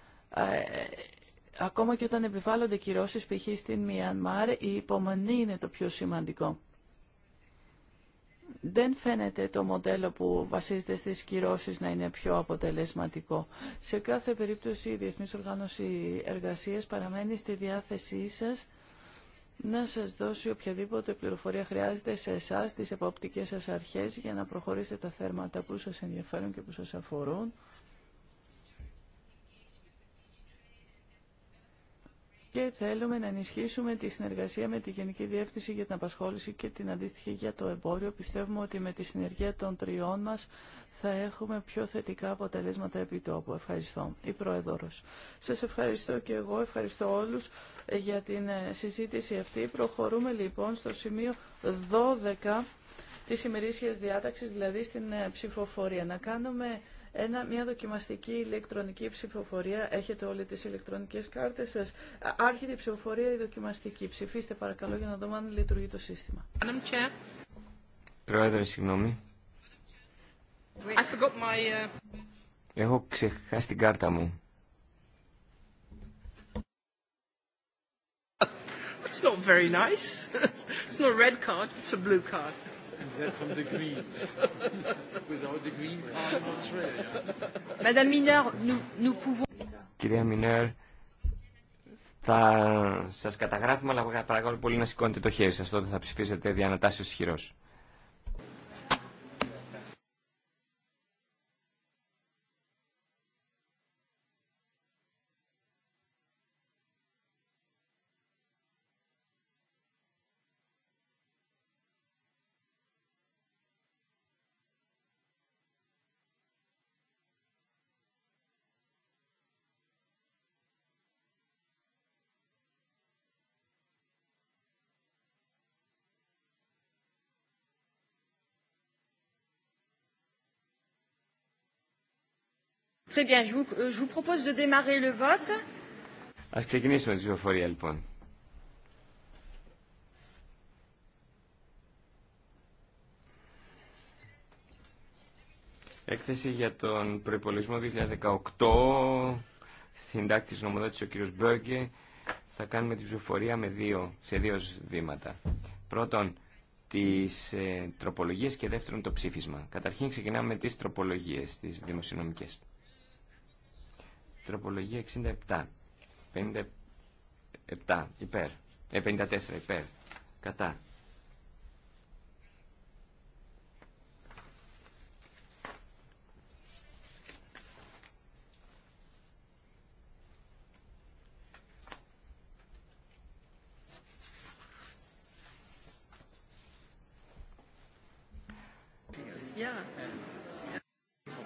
ακόμα και όταν επιβάλλονται κυρώσεις π.χ. στην Μιανμάρ, η υπομονή είναι το πιο σημαντικό δεν φαίνεται το μοντέλο που βασίζεται στις κυρώσεις να είναι πιο αποτελεσματικό. Σε κάθε περίπτωση η Διεθνής Οργάνωση Εργασίας παραμένει στη διάθεσή σας να σας δώσει οποιαδήποτε πληροφορία χρειάζεται σε εσάς, τις εποπτικές σας αρχές για να προχωρήσετε τα θέματα που σας ενδιαφέρουν και που σας αφορούν. και θέλουμε να ενισχύσουμε τη συνεργασία με τη Γενική Διεύθυνση για την Απασχόληση και την αντίστοιχη για το εμπόριο. Πιστεύουμε ότι με τη συνεργεία των τριών μας θα έχουμε πιο θετικά αποτελέσματα επί τόπου. Ευχαριστώ. Η Πρόεδρος. Σας ευχαριστώ και εγώ. Ευχαριστώ όλους για την ε, συζήτηση αυτή. Προχωρούμε λοιπόν στο σημείο 12 της ημερήσιας διάταξης, δηλαδή στην ε, ψηφοφορία. Να κάνουμε ένα, μια δοκιμαστική ηλεκτρονική ψηφοφορία. Έχετε όλε τι ηλεκτρονικέ κάρτε σας. Άρχεται η ψηφοφορία η δοκιμαστική. Ψηφίστε παρακαλώ για να δούμε αν λειτουργεί το σύστημα. Πρόεδρε, συγγνώμη. Uh, Έχω ξεχάσει την κάρτα μου. It's not very nice. It's not red card, it's a blue card. Κυρία Μινέρ, θα σας καταγράφουμε, αλλά παρακαλώ πολύ να σηκώνετε το χέρι σας, τότε θα ψηφίσετε διανατάσεις χειρός. Très euh, je vous, propose de démarrer le vote. Ας ξεκινήσουμε τη ψηφοφορία λοιπόν. Έκθεση για τον προϋπολογισμό 2018, συντάκτης νομοδότης ο κύριος Μπρόγκε. Θα κάνουμε τη ψηφοφορία με δύο, σε δύο βήματα. Πρώτον, τις ε, τροπολογίες και δεύτερον το ψήφισμα. Καταρχήν ξεκινάμε με τις τροπολογίες, τις δημοσιονομικές. Τροπολογία 67. 57 υπέρ. Ε, 54 υπέρ. Κατά.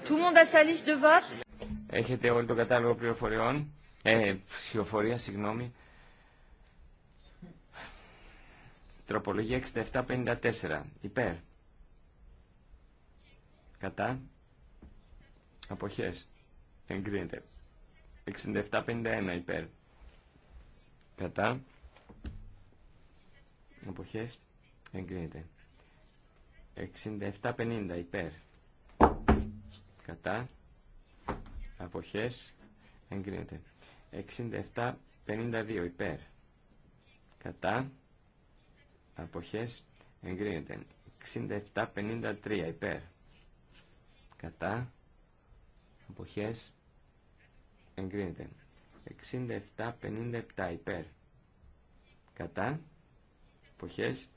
Tout le monde a sa liste de vote Έχετε όλο τον κατάλογο πληροφοριών, ε, ψηφοφορία, συγγνώμη. Τροπολογία 6754, υπέρ. Κατά. Αποχές. Εγκρίνεται. 6751 υπέρ. Κατά. Αποχές. Εγκρίνεται. 6750 υπέρ. Κατά αποχές εγκρίνεται 67 52 υπέρ κατά αποχές εγκρίνεται 67 53 υπέρ κατά αποχές εγκρίνεται 67 57 υπέρ κατά αποχές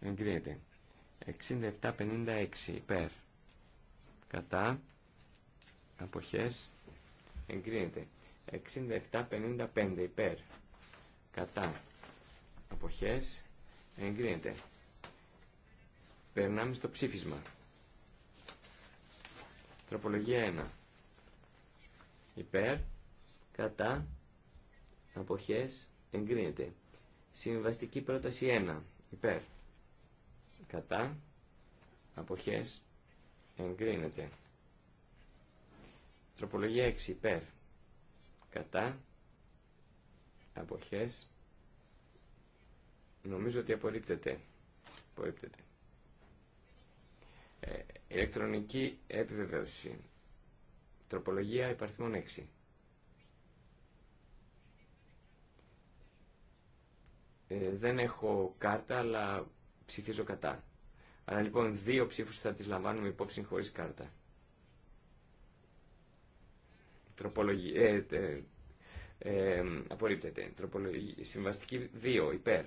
εγκρίνεται 67 56 υπέρ κατά αποχές εγκρίνεται 67-55 υπέρ κατά αποχές εγκρίνεται περνάμε στο ψήφισμα τροπολογία 1 υπέρ κατά αποχές εγκρίνεται συμβαστική πρόταση 1 υπέρ κατά αποχές εγκρίνεται Τροπολογία 6 υπέρ. Κατά. Αποχές. Νομίζω ότι απορρίπτεται. Απορρίπτεται. Ε, ηλεκτρονική επιβεβαίωση. Τροπολογία υπαρθμών 6. Ε, δεν έχω κάρτα, αλλά ψηφίζω κατά. Άρα λοιπόν δύο ψήφους θα τις λαμβάνουμε υπόψη χωρίς κάρτα. Τροπολογία. Ε, ε, απορρίπτεται. Συμβαστική 2. Υπέρ.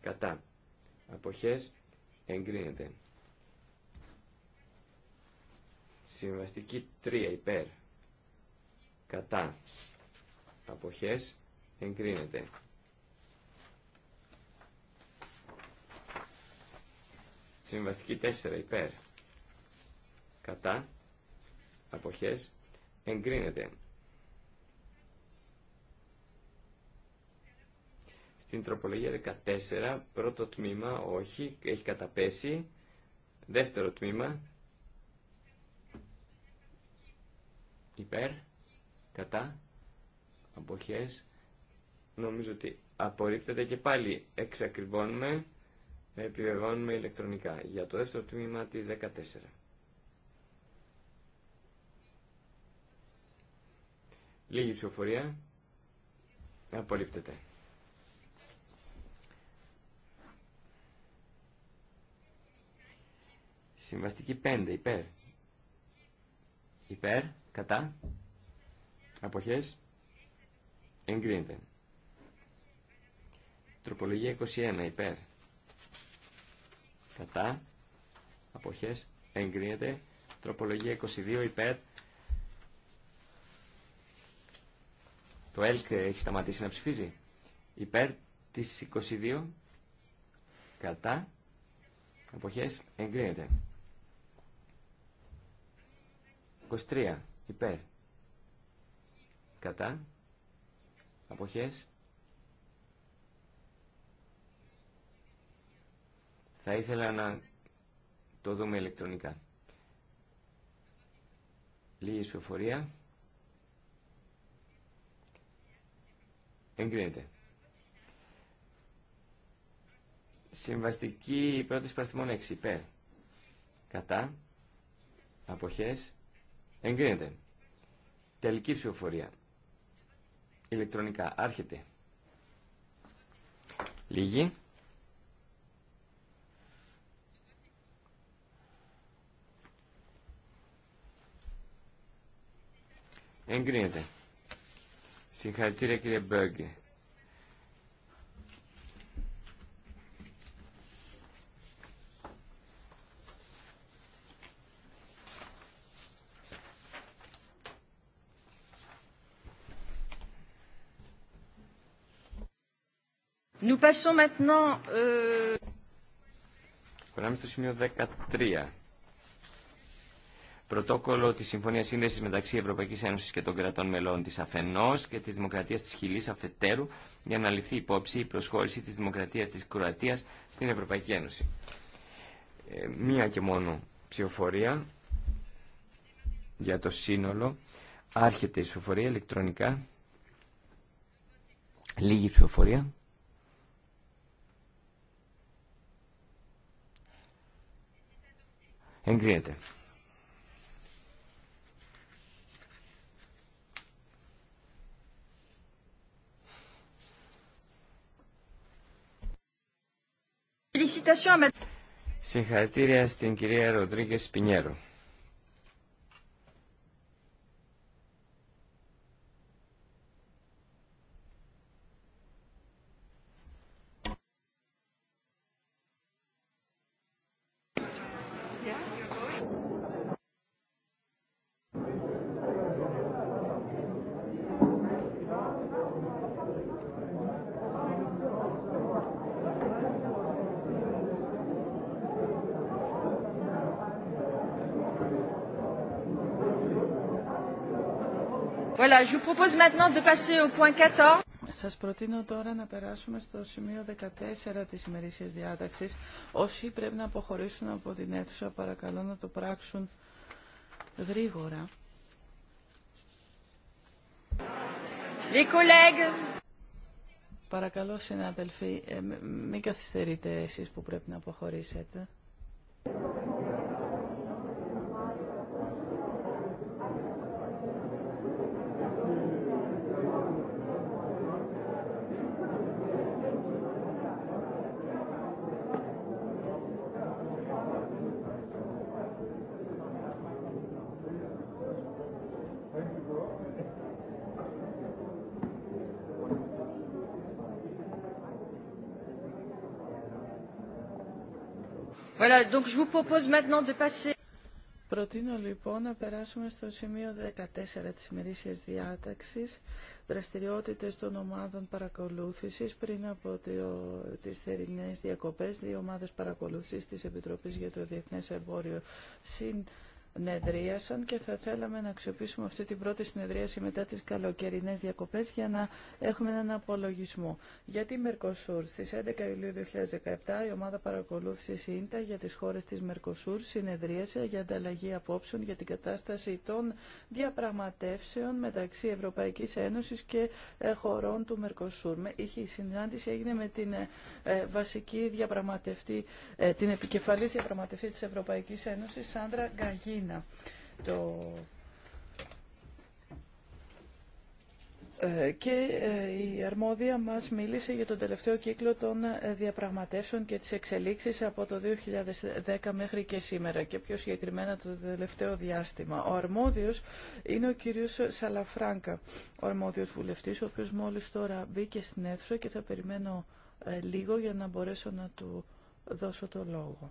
Κατά. Αποχές. Εγκρίνεται. Συμβαστική 3. Υπέρ. Κατά. Αποχές. Εγκρίνεται. Συμβαστική 4. Υπέρ. Κατά. Αποχές. Εγκρίνεται. Στην τροπολογία 14, πρώτο τμήμα, όχι, έχει καταπέσει. Δεύτερο τμήμα, υπέρ, κατά, αποχές. Νομίζω ότι απορρίπτεται και πάλι εξακριβώνουμε, επιβεβαιώνουμε ηλεκτρονικά για το δεύτερο τμήμα της 14. Λίγη ψηφοφορία. Απορρίπτεται. Συμβαστική 5 υπέρ. Υπέρ, κατά. Αποχές. Εγκρίνεται. Τροπολογία 21 υπέρ. Κατά. Αποχές. Εγκρίνεται. Τροπολογία 22 υπέρ. Το ΕΛΚ έχει σταματήσει να ψηφίζει. Υπέρ της 22. Κατά. Αποχές. Εγκρίνεται. 23 υπέρ κατά αποχές θα ήθελα να το δούμε ηλεκτρονικά λίγη σοφορία εγκρίνεται συμβαστική πρώτη παραθυμών 6 υπέρ κατά αποχές Εγκρίνεται. Τελική ψηφοφορία. Ηλεκτρονικά. Άρχεται. Λίγη. Εγκρίνεται. Συγχαρητήρια κύριε Μπέργκε. Nous passons euh, στο σημείο 13. Πρωτόκολλο τη Συμφωνία Σύνδεση μεταξύ Ευρωπαϊκή Ένωση και των κρατών μελών τη Αφενό και τη Δημοκρατία τη Χιλή Αφετέρου για να ληφθεί υπόψη η προσχώρηση τη Δημοκρατία τη Κροατία στην Ευρωπαϊκή Ένωση. Ε, μία και μόνο ψηφοφορία για το σύνολο. Άρχεται η ψηφοφορία ηλεκτρονικά. Λίγη ψηφοφορία. Εγκρίνεται. Συγχαρητήρια στην κυρία Ροντρίγκε Σπινιέρο. Σας προτείνω τώρα να περάσουμε στο σημείο 14 της ημερήσιας διάταξης. Όσοι πρέπει να αποχωρήσουν από την αίθουσα, παρακαλώ να το πράξουν γρήγορα. Παρακαλώ, συνάδελφοι, ε, μην καθυστερείτε εσείς που πρέπει να αποχωρήσετε. Προτείνω λοιπόν να περάσουμε στο σημείο 14 της ημερήσιας διάταξης, δραστηριότητες των ομάδων παρακολούθησης πριν από το, τις θερινές διακοπές, δύο ομάδες παρακολούθησης της Επιτροπής για το Διεθνές Εμπόριο συν συνεδρίασαν και θα θέλαμε να αξιοποιήσουμε αυτή την πρώτη συνεδρίαση μετά τις καλοκαιρινές διακοπές για να έχουμε έναν απολογισμό. Γιατί τη Μερκοσούρ, στις 11 Ιουλίου 2017 η ομάδα παρακολούθησης ΙΝΤΑ για τις χώρες της Μερκοσούρ συνεδρίασε για ανταλλαγή απόψεων για την κατάσταση των διαπραγματεύσεων μεταξύ Ευρωπαϊκής Ένωσης και ε, χωρών του Μερκοσούρ. Η συνάντηση έγινε με την ε, ε, βασική διαπραγματευτή, την επικεφαλής διαπραγματευτή της Ευρωπαϊκής Ένωσης, Σάντρα Γκαγίνη. Το... Ε, και ε, η αρμόδια μας μίλησε για τον τελευταίο κύκλο των ε, διαπραγματεύσεων και τις εξελίξεις από το 2010 μέχρι και σήμερα και πιο συγκεκριμένα το τελευταίο διάστημα. Ο αρμόδιος είναι ο κύριος Σαλαφράγκα, ο αρμόδιος βουλευτής, ο οποίος μόλις τώρα μπήκε στην αίθουσα και θα περιμένω λίγο για να μπορέσω να του δώσω το λόγο.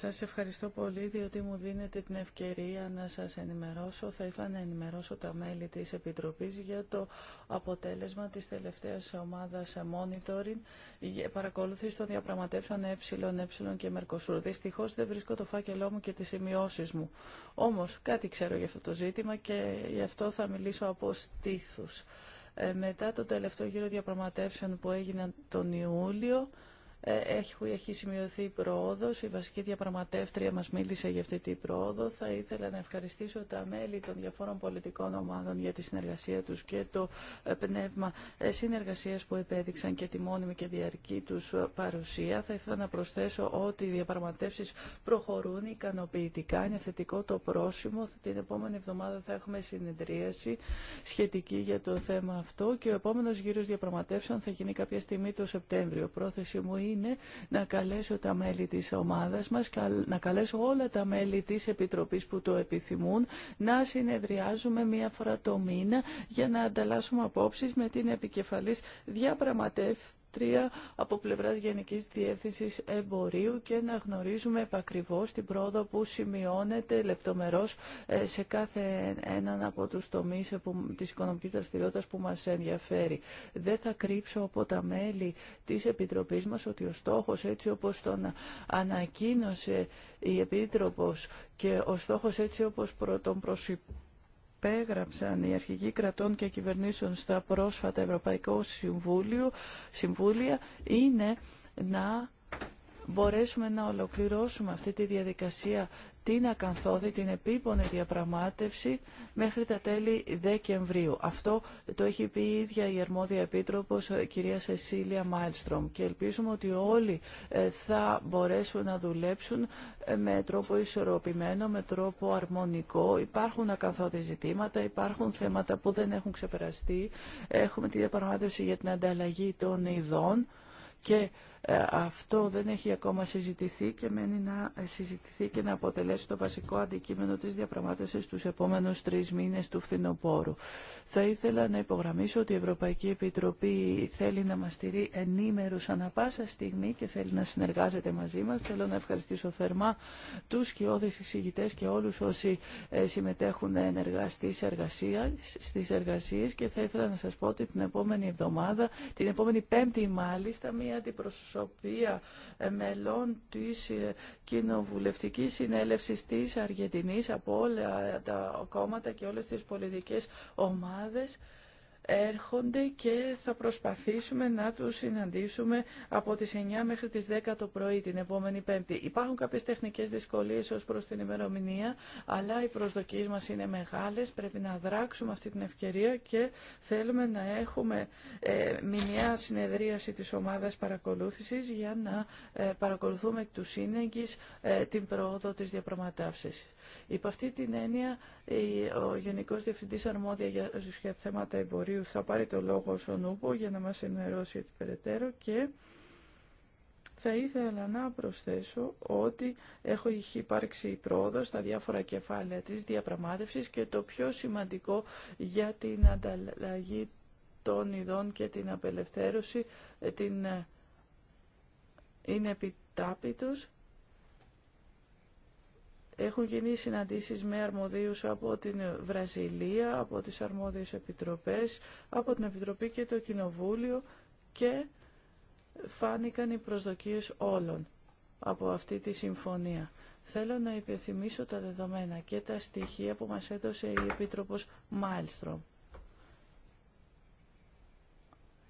Σας ευχαριστώ πολύ διότι μου δίνετε την ευκαιρία να σας ενημερώσω. Θα ήθελα να ενημερώσω τα μέλη της Επιτροπής για το αποτέλεσμα της τελευταίας ομάδας monitoring παρακολούθηση των διαπραγματεύσεων ΕΕ και Μερκοσούρ. Δυστυχώ δεν βρίσκω το φάκελό μου και τις σημειώσεις μου. Όμως κάτι ξέρω για αυτό το ζήτημα και γι' αυτό θα μιλήσω από στήθους. Ε, μετά το τελευταίο γύρο διαπραγματεύσεων που έγιναν τον Ιούλιο, ε, έχει, έχει σημειωθεί πρόοδο. η βασική διαπραγματεύτρια μα μίλησε για αυτή την πρόοδο. Θα ήθελα να ευχαριστήσω τα μέλη των διαφόρων πολιτικών ομάδων για τη συνεργασία του και το ε, πνεύμα ε, συνεργασία που επέδειξαν και τη μόνιμη και διαρκή του παρουσία. Θα ήθελα να προσθέσω ότι οι διαπραγματεύσει προχωρούν ικανοποιητικά, είναι θετικό το πρόσημο. Την επόμενη εβδομάδα θα έχουμε συνεδρίαση σχετική για το θέμα αυτό και ο επόμενο γύρο διαπραγματεύσεων θα γίνει κάποια στιγμή το Σεπτέμβριο. Πρόθεση μου είναι είναι να καλέσω τα μέλη της ομάδας μας, να καλέσω όλα τα μέλη της Επιτροπής που το επιθυμούν, να συνεδριάζουμε μία φορά το μήνα για να ανταλλάσσουμε απόψεις με την επικεφαλής διαπραγματεύτη από πλευράς Γενικής Διεύθυνσης Εμπορίου και να γνωρίζουμε επακριβώς την πρόοδο που σημειώνεται λεπτομερώς ε, σε κάθε έναν από τους τομείς ε, της οικονομικής δραστηριότητας που μας ενδιαφέρει. Δεν θα κρύψω από τα μέλη της Επιτροπής μας ότι ο στόχος έτσι όπως τον ανακοίνωσε η Επίτροπος και ο στόχος έτσι όπως τον υπέγραψαν οι αρχηγοί κρατών και κυβερνήσεων στα πρόσφατα Ευρωπαϊκό Συμβούλιο, Συμβούλια είναι να μπορέσουμε να ολοκληρώσουμε αυτή τη διαδικασία την ακαθόδη, την επίπονη διαπραγμάτευση μέχρι τα τέλη Δεκεμβρίου. Αυτό το έχει πει η ίδια η αρμόδια επίτροπος ε, κυρία Σεσίλια Μάιλστρομ και ελπίζουμε ότι όλοι ε, θα μπορέσουν να δουλέψουν ε, με τρόπο ισορροπημένο, με τρόπο αρμονικό. Υπάρχουν ακαθόδη ζητήματα, υπάρχουν θέματα που δεν έχουν ξεπεραστεί. Έχουμε τη διαπραγμάτευση για την ανταλλαγή των ειδών και ε, αυτό δεν έχει ακόμα συζητηθεί και μένει να συζητηθεί και να αποτελέσει το βασικό αντικείμενο της διαπραγμάτευσης τους επόμενους τρεις μήνες του φθινοπόρου. Θα ήθελα να υπογραμμίσω ότι η Ευρωπαϊκή Επιτροπή θέλει να μας στηρεί ενήμερους ανα πάσα στιγμή και θέλει να συνεργάζεται μαζί μας. Θέλω να ευχαριστήσω θερμά τους σκιώδεις εισηγητές και όλους όσοι ε, συμμετέχουν ενεργά στις, εργασίες, στις εργασίες και θα ήθελα να σας πω ότι την επόμενη εβδομάδα, την επόμενη πέμπτη μάλιστα, μία αντιπροσωπή αντιπροσωπεία ε, μελών της ε, Κοινοβουλευτικής Συνέλευσης της Αργεντινής από όλα τα κόμματα και όλες τις πολιτικές ομάδες έρχονται και θα προσπαθήσουμε να τους συναντήσουμε από τις 9 μέχρι τις 10 το πρωί την επόμενη Πέμπτη. Υπάρχουν κάποιες τεχνικές δυσκολίες ως προς την ημερομηνία, αλλά οι προσδοκίες μας είναι μεγάλες, πρέπει να δράξουμε αυτή την ευκαιρία και θέλουμε να έχουμε ε, μηνιαία συνεδρίαση της ομάδας παρακολούθησης για να ε, παρακολουθούμε του σύνεγγυς ε, την πρόοδο της διαπραγματεύσης. Υπό αυτή την έννοια, ο Γενικός Διευθυντής Αρμόδια για θέματα εμπορίου θα πάρει το λόγο στον Ούπο για να μας ενημερώσει περαιτέρω και θα ήθελα να προσθέσω ότι έχω υπάρξει πρόοδο στα διάφορα κεφάλαια της διαπραγμάτευσης και το πιο σημαντικό για την ανταλλαγή των ειδών και την απελευθέρωση ε, την... Ε, είναι επιτάπητος έχουν γίνει συναντήσεις με αρμοδίους από την Βραζιλία, από τις αρμόδιες επιτροπές, από την Επιτροπή και το Κοινοβούλιο και φάνηκαν οι προσδοκίες όλων από αυτή τη συμφωνία. Θέλω να υπενθυμίσω τα δεδομένα και τα στοιχεία που μας έδωσε η Επίτροπος Μάλστρομ.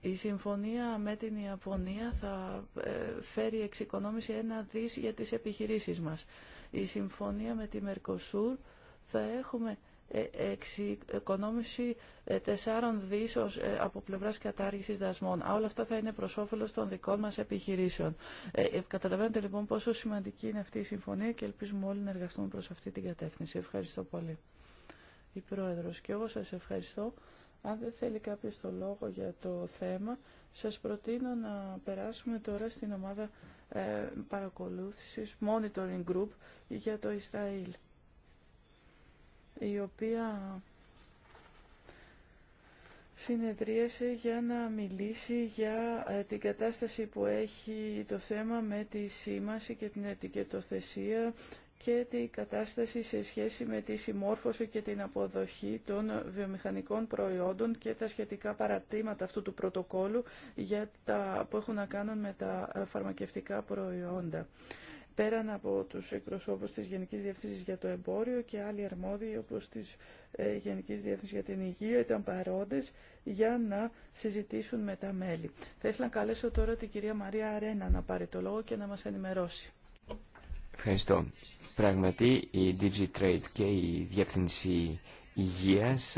Η συμφωνία με την Ιαπωνία θα ε, φέρει εξοικονόμηση ένα δις για τις επιχειρήσεις μας η συμφωνία με τη Μερκοσούρ θα έχουμε ε, εξοικονόμηση ε, τεσσάρων δίσως ε, από πλευράς κατάργησης δασμών. Όλα αυτά θα είναι προς όφελος των δικών μας επιχειρήσεων. Καταλαβαίνετε λοιπόν πόσο σημαντική είναι αυτή η συμφωνία και ελπίζουμε όλοι να εργαστούμε προς αυτή την κατεύθυνση. Ευχαριστώ πολύ. Η Πρόεδρος και εγώ σας ευχαριστώ. Αν δεν θέλει κάποιος το λόγο για το θέμα, σας προτείνω να περάσουμε τώρα στην ομάδα ε, παρακολούθησης Monitoring Group για το Ισραήλ η οποία συνεδρίασε για να μιλήσει για ε, την κατάσταση που έχει το θέμα με τη σήμαση και την ετικετοθεσία και την κατάσταση σε σχέση με τη συμμόρφωση και την αποδοχή των βιομηχανικών προϊόντων και τα σχετικά παρατήματα αυτού του πρωτοκόλου για τα, που έχουν να κάνουν με τα φαρμακευτικά προϊόντα. Πέραν από τους εκπροσώπους της Γενικής Διεύθυνσης για το Εμπόριο και άλλοι αρμόδιοι όπως της ε, Γενικής Διεύθυνσης για την Υγεία ήταν παρόντες για να συζητήσουν με τα μέλη. Θα ήθελα να καλέσω τώρα την κυρία Μαρία Αρένα να πάρει το λόγο και να μας ενημερώσει. Ευχαριστώ. Πραγματι η DigiTrade και η Διεύθυνση Υγείας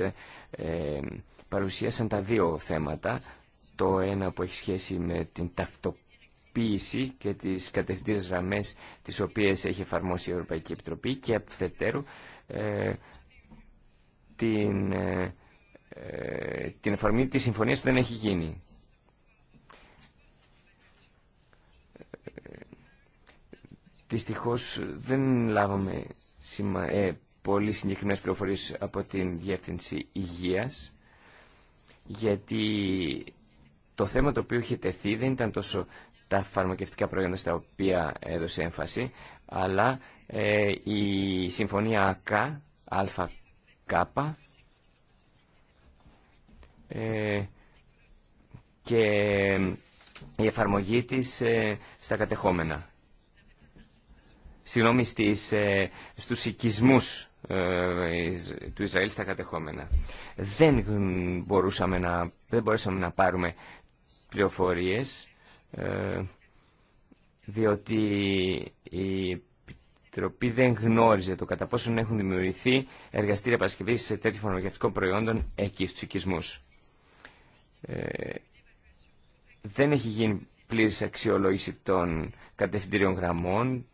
ε, παρουσίασαν τα δύο θέματα. Το ένα που έχει σχέση με την ταυτοποίηση και τις κατευθυντήρες γραμμές τις οποίες έχει εφαρμόσει η Ευρωπαϊκή Επιτροπή και αφετέρου ε, την, ε, ε την εφαρμή της συμφωνίας που δεν έχει γίνει. Δυστυχώς δεν λάβαμε σημα... ε, πολύ συγκεκριμένες πληροφορίες από την Διεύθυνση Υγείας γιατί το θέμα το οποίο είχε τεθεί δεν ήταν τόσο τα φαρμακευτικά προϊόντα στα οποία έδωσε έμφαση αλλά ε, η συμφωνία ΑΚΑ, ΑΚ ε, και η εφαρμογή της ε, στα κατεχόμενα συγγνώμη, στις, ε, στους οικισμούς ε, του Ισραήλ στα κατεχόμενα. Δεν μπορούσαμε να, δεν μπορούσαμε να πάρουμε πληροφορίες ε, διότι η Επιτροπή δεν γνώριζε το κατά πόσον έχουν δημιουργηθεί εργαστήρια παρασκευής σε τέτοιου φαρμακευτικών προϊόντων εκεί στους οικισμούς. δεν έχει γίνει πλήρης αξιολόγηση των κατευθυντήριων γραμμών,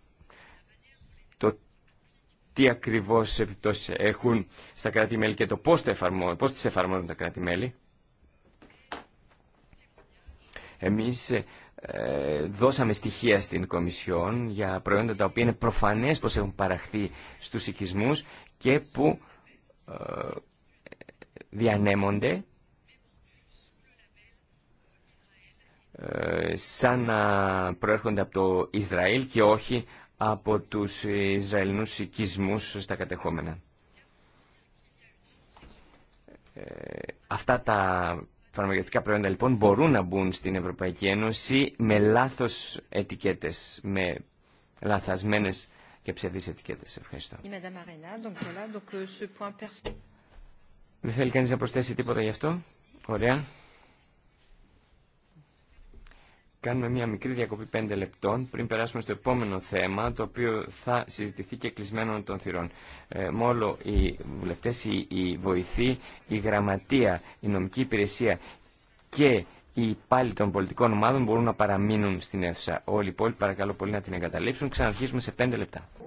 τι ακριβώς επιπτώσεις έχουν στα κράτη-μέλη και το πώς, τα εφαρμόζουν, πώς τις εφαρμόζουν τα κράτη-μέλη. Εμείς ε, δώσαμε στοιχεία στην Κομισιόν για προϊόντα τα οποία είναι προφανές πως τις εφαρμοζουν τα κρατη μελη εμεις δωσαμε στοιχεια παραχθεί στους οικισμούς και που ε, διανέμονται ε, σαν να προέρχονται από το Ισραήλ και όχι από τους Ισραηλινούς οικισμούς στα κατεχόμενα. Ε, αυτά τα φαρμακευτικά προϊόντα λοιπόν μπορούν να μπουν στην Ευρωπαϊκή Ένωση με λάθος ετικέτες, με λαθασμένες και ψευδείς ετικέτες. Ευχαριστώ. Euh, Δεν θέλει κανείς να προσθέσει τίποτα γι' αυτό. Ωραία. Κάνουμε μια μικρή διακοπή πέντε λεπτών πριν περάσουμε στο επόμενο θέμα, το οποίο θα συζητηθεί και κλεισμένων των θυρών. Ε, μόλο οι βουλευτές, η βοηθή, η γραμματεία, η νομική υπηρεσία και οι υπάλληλοι των πολιτικών ομάδων μπορούν να παραμείνουν στην αίθουσα. Όλοι οι υπόλοιποι παρακαλώ πολύ να την εγκαταλείψουν. Ξαναρχίζουμε σε πέντε λεπτά.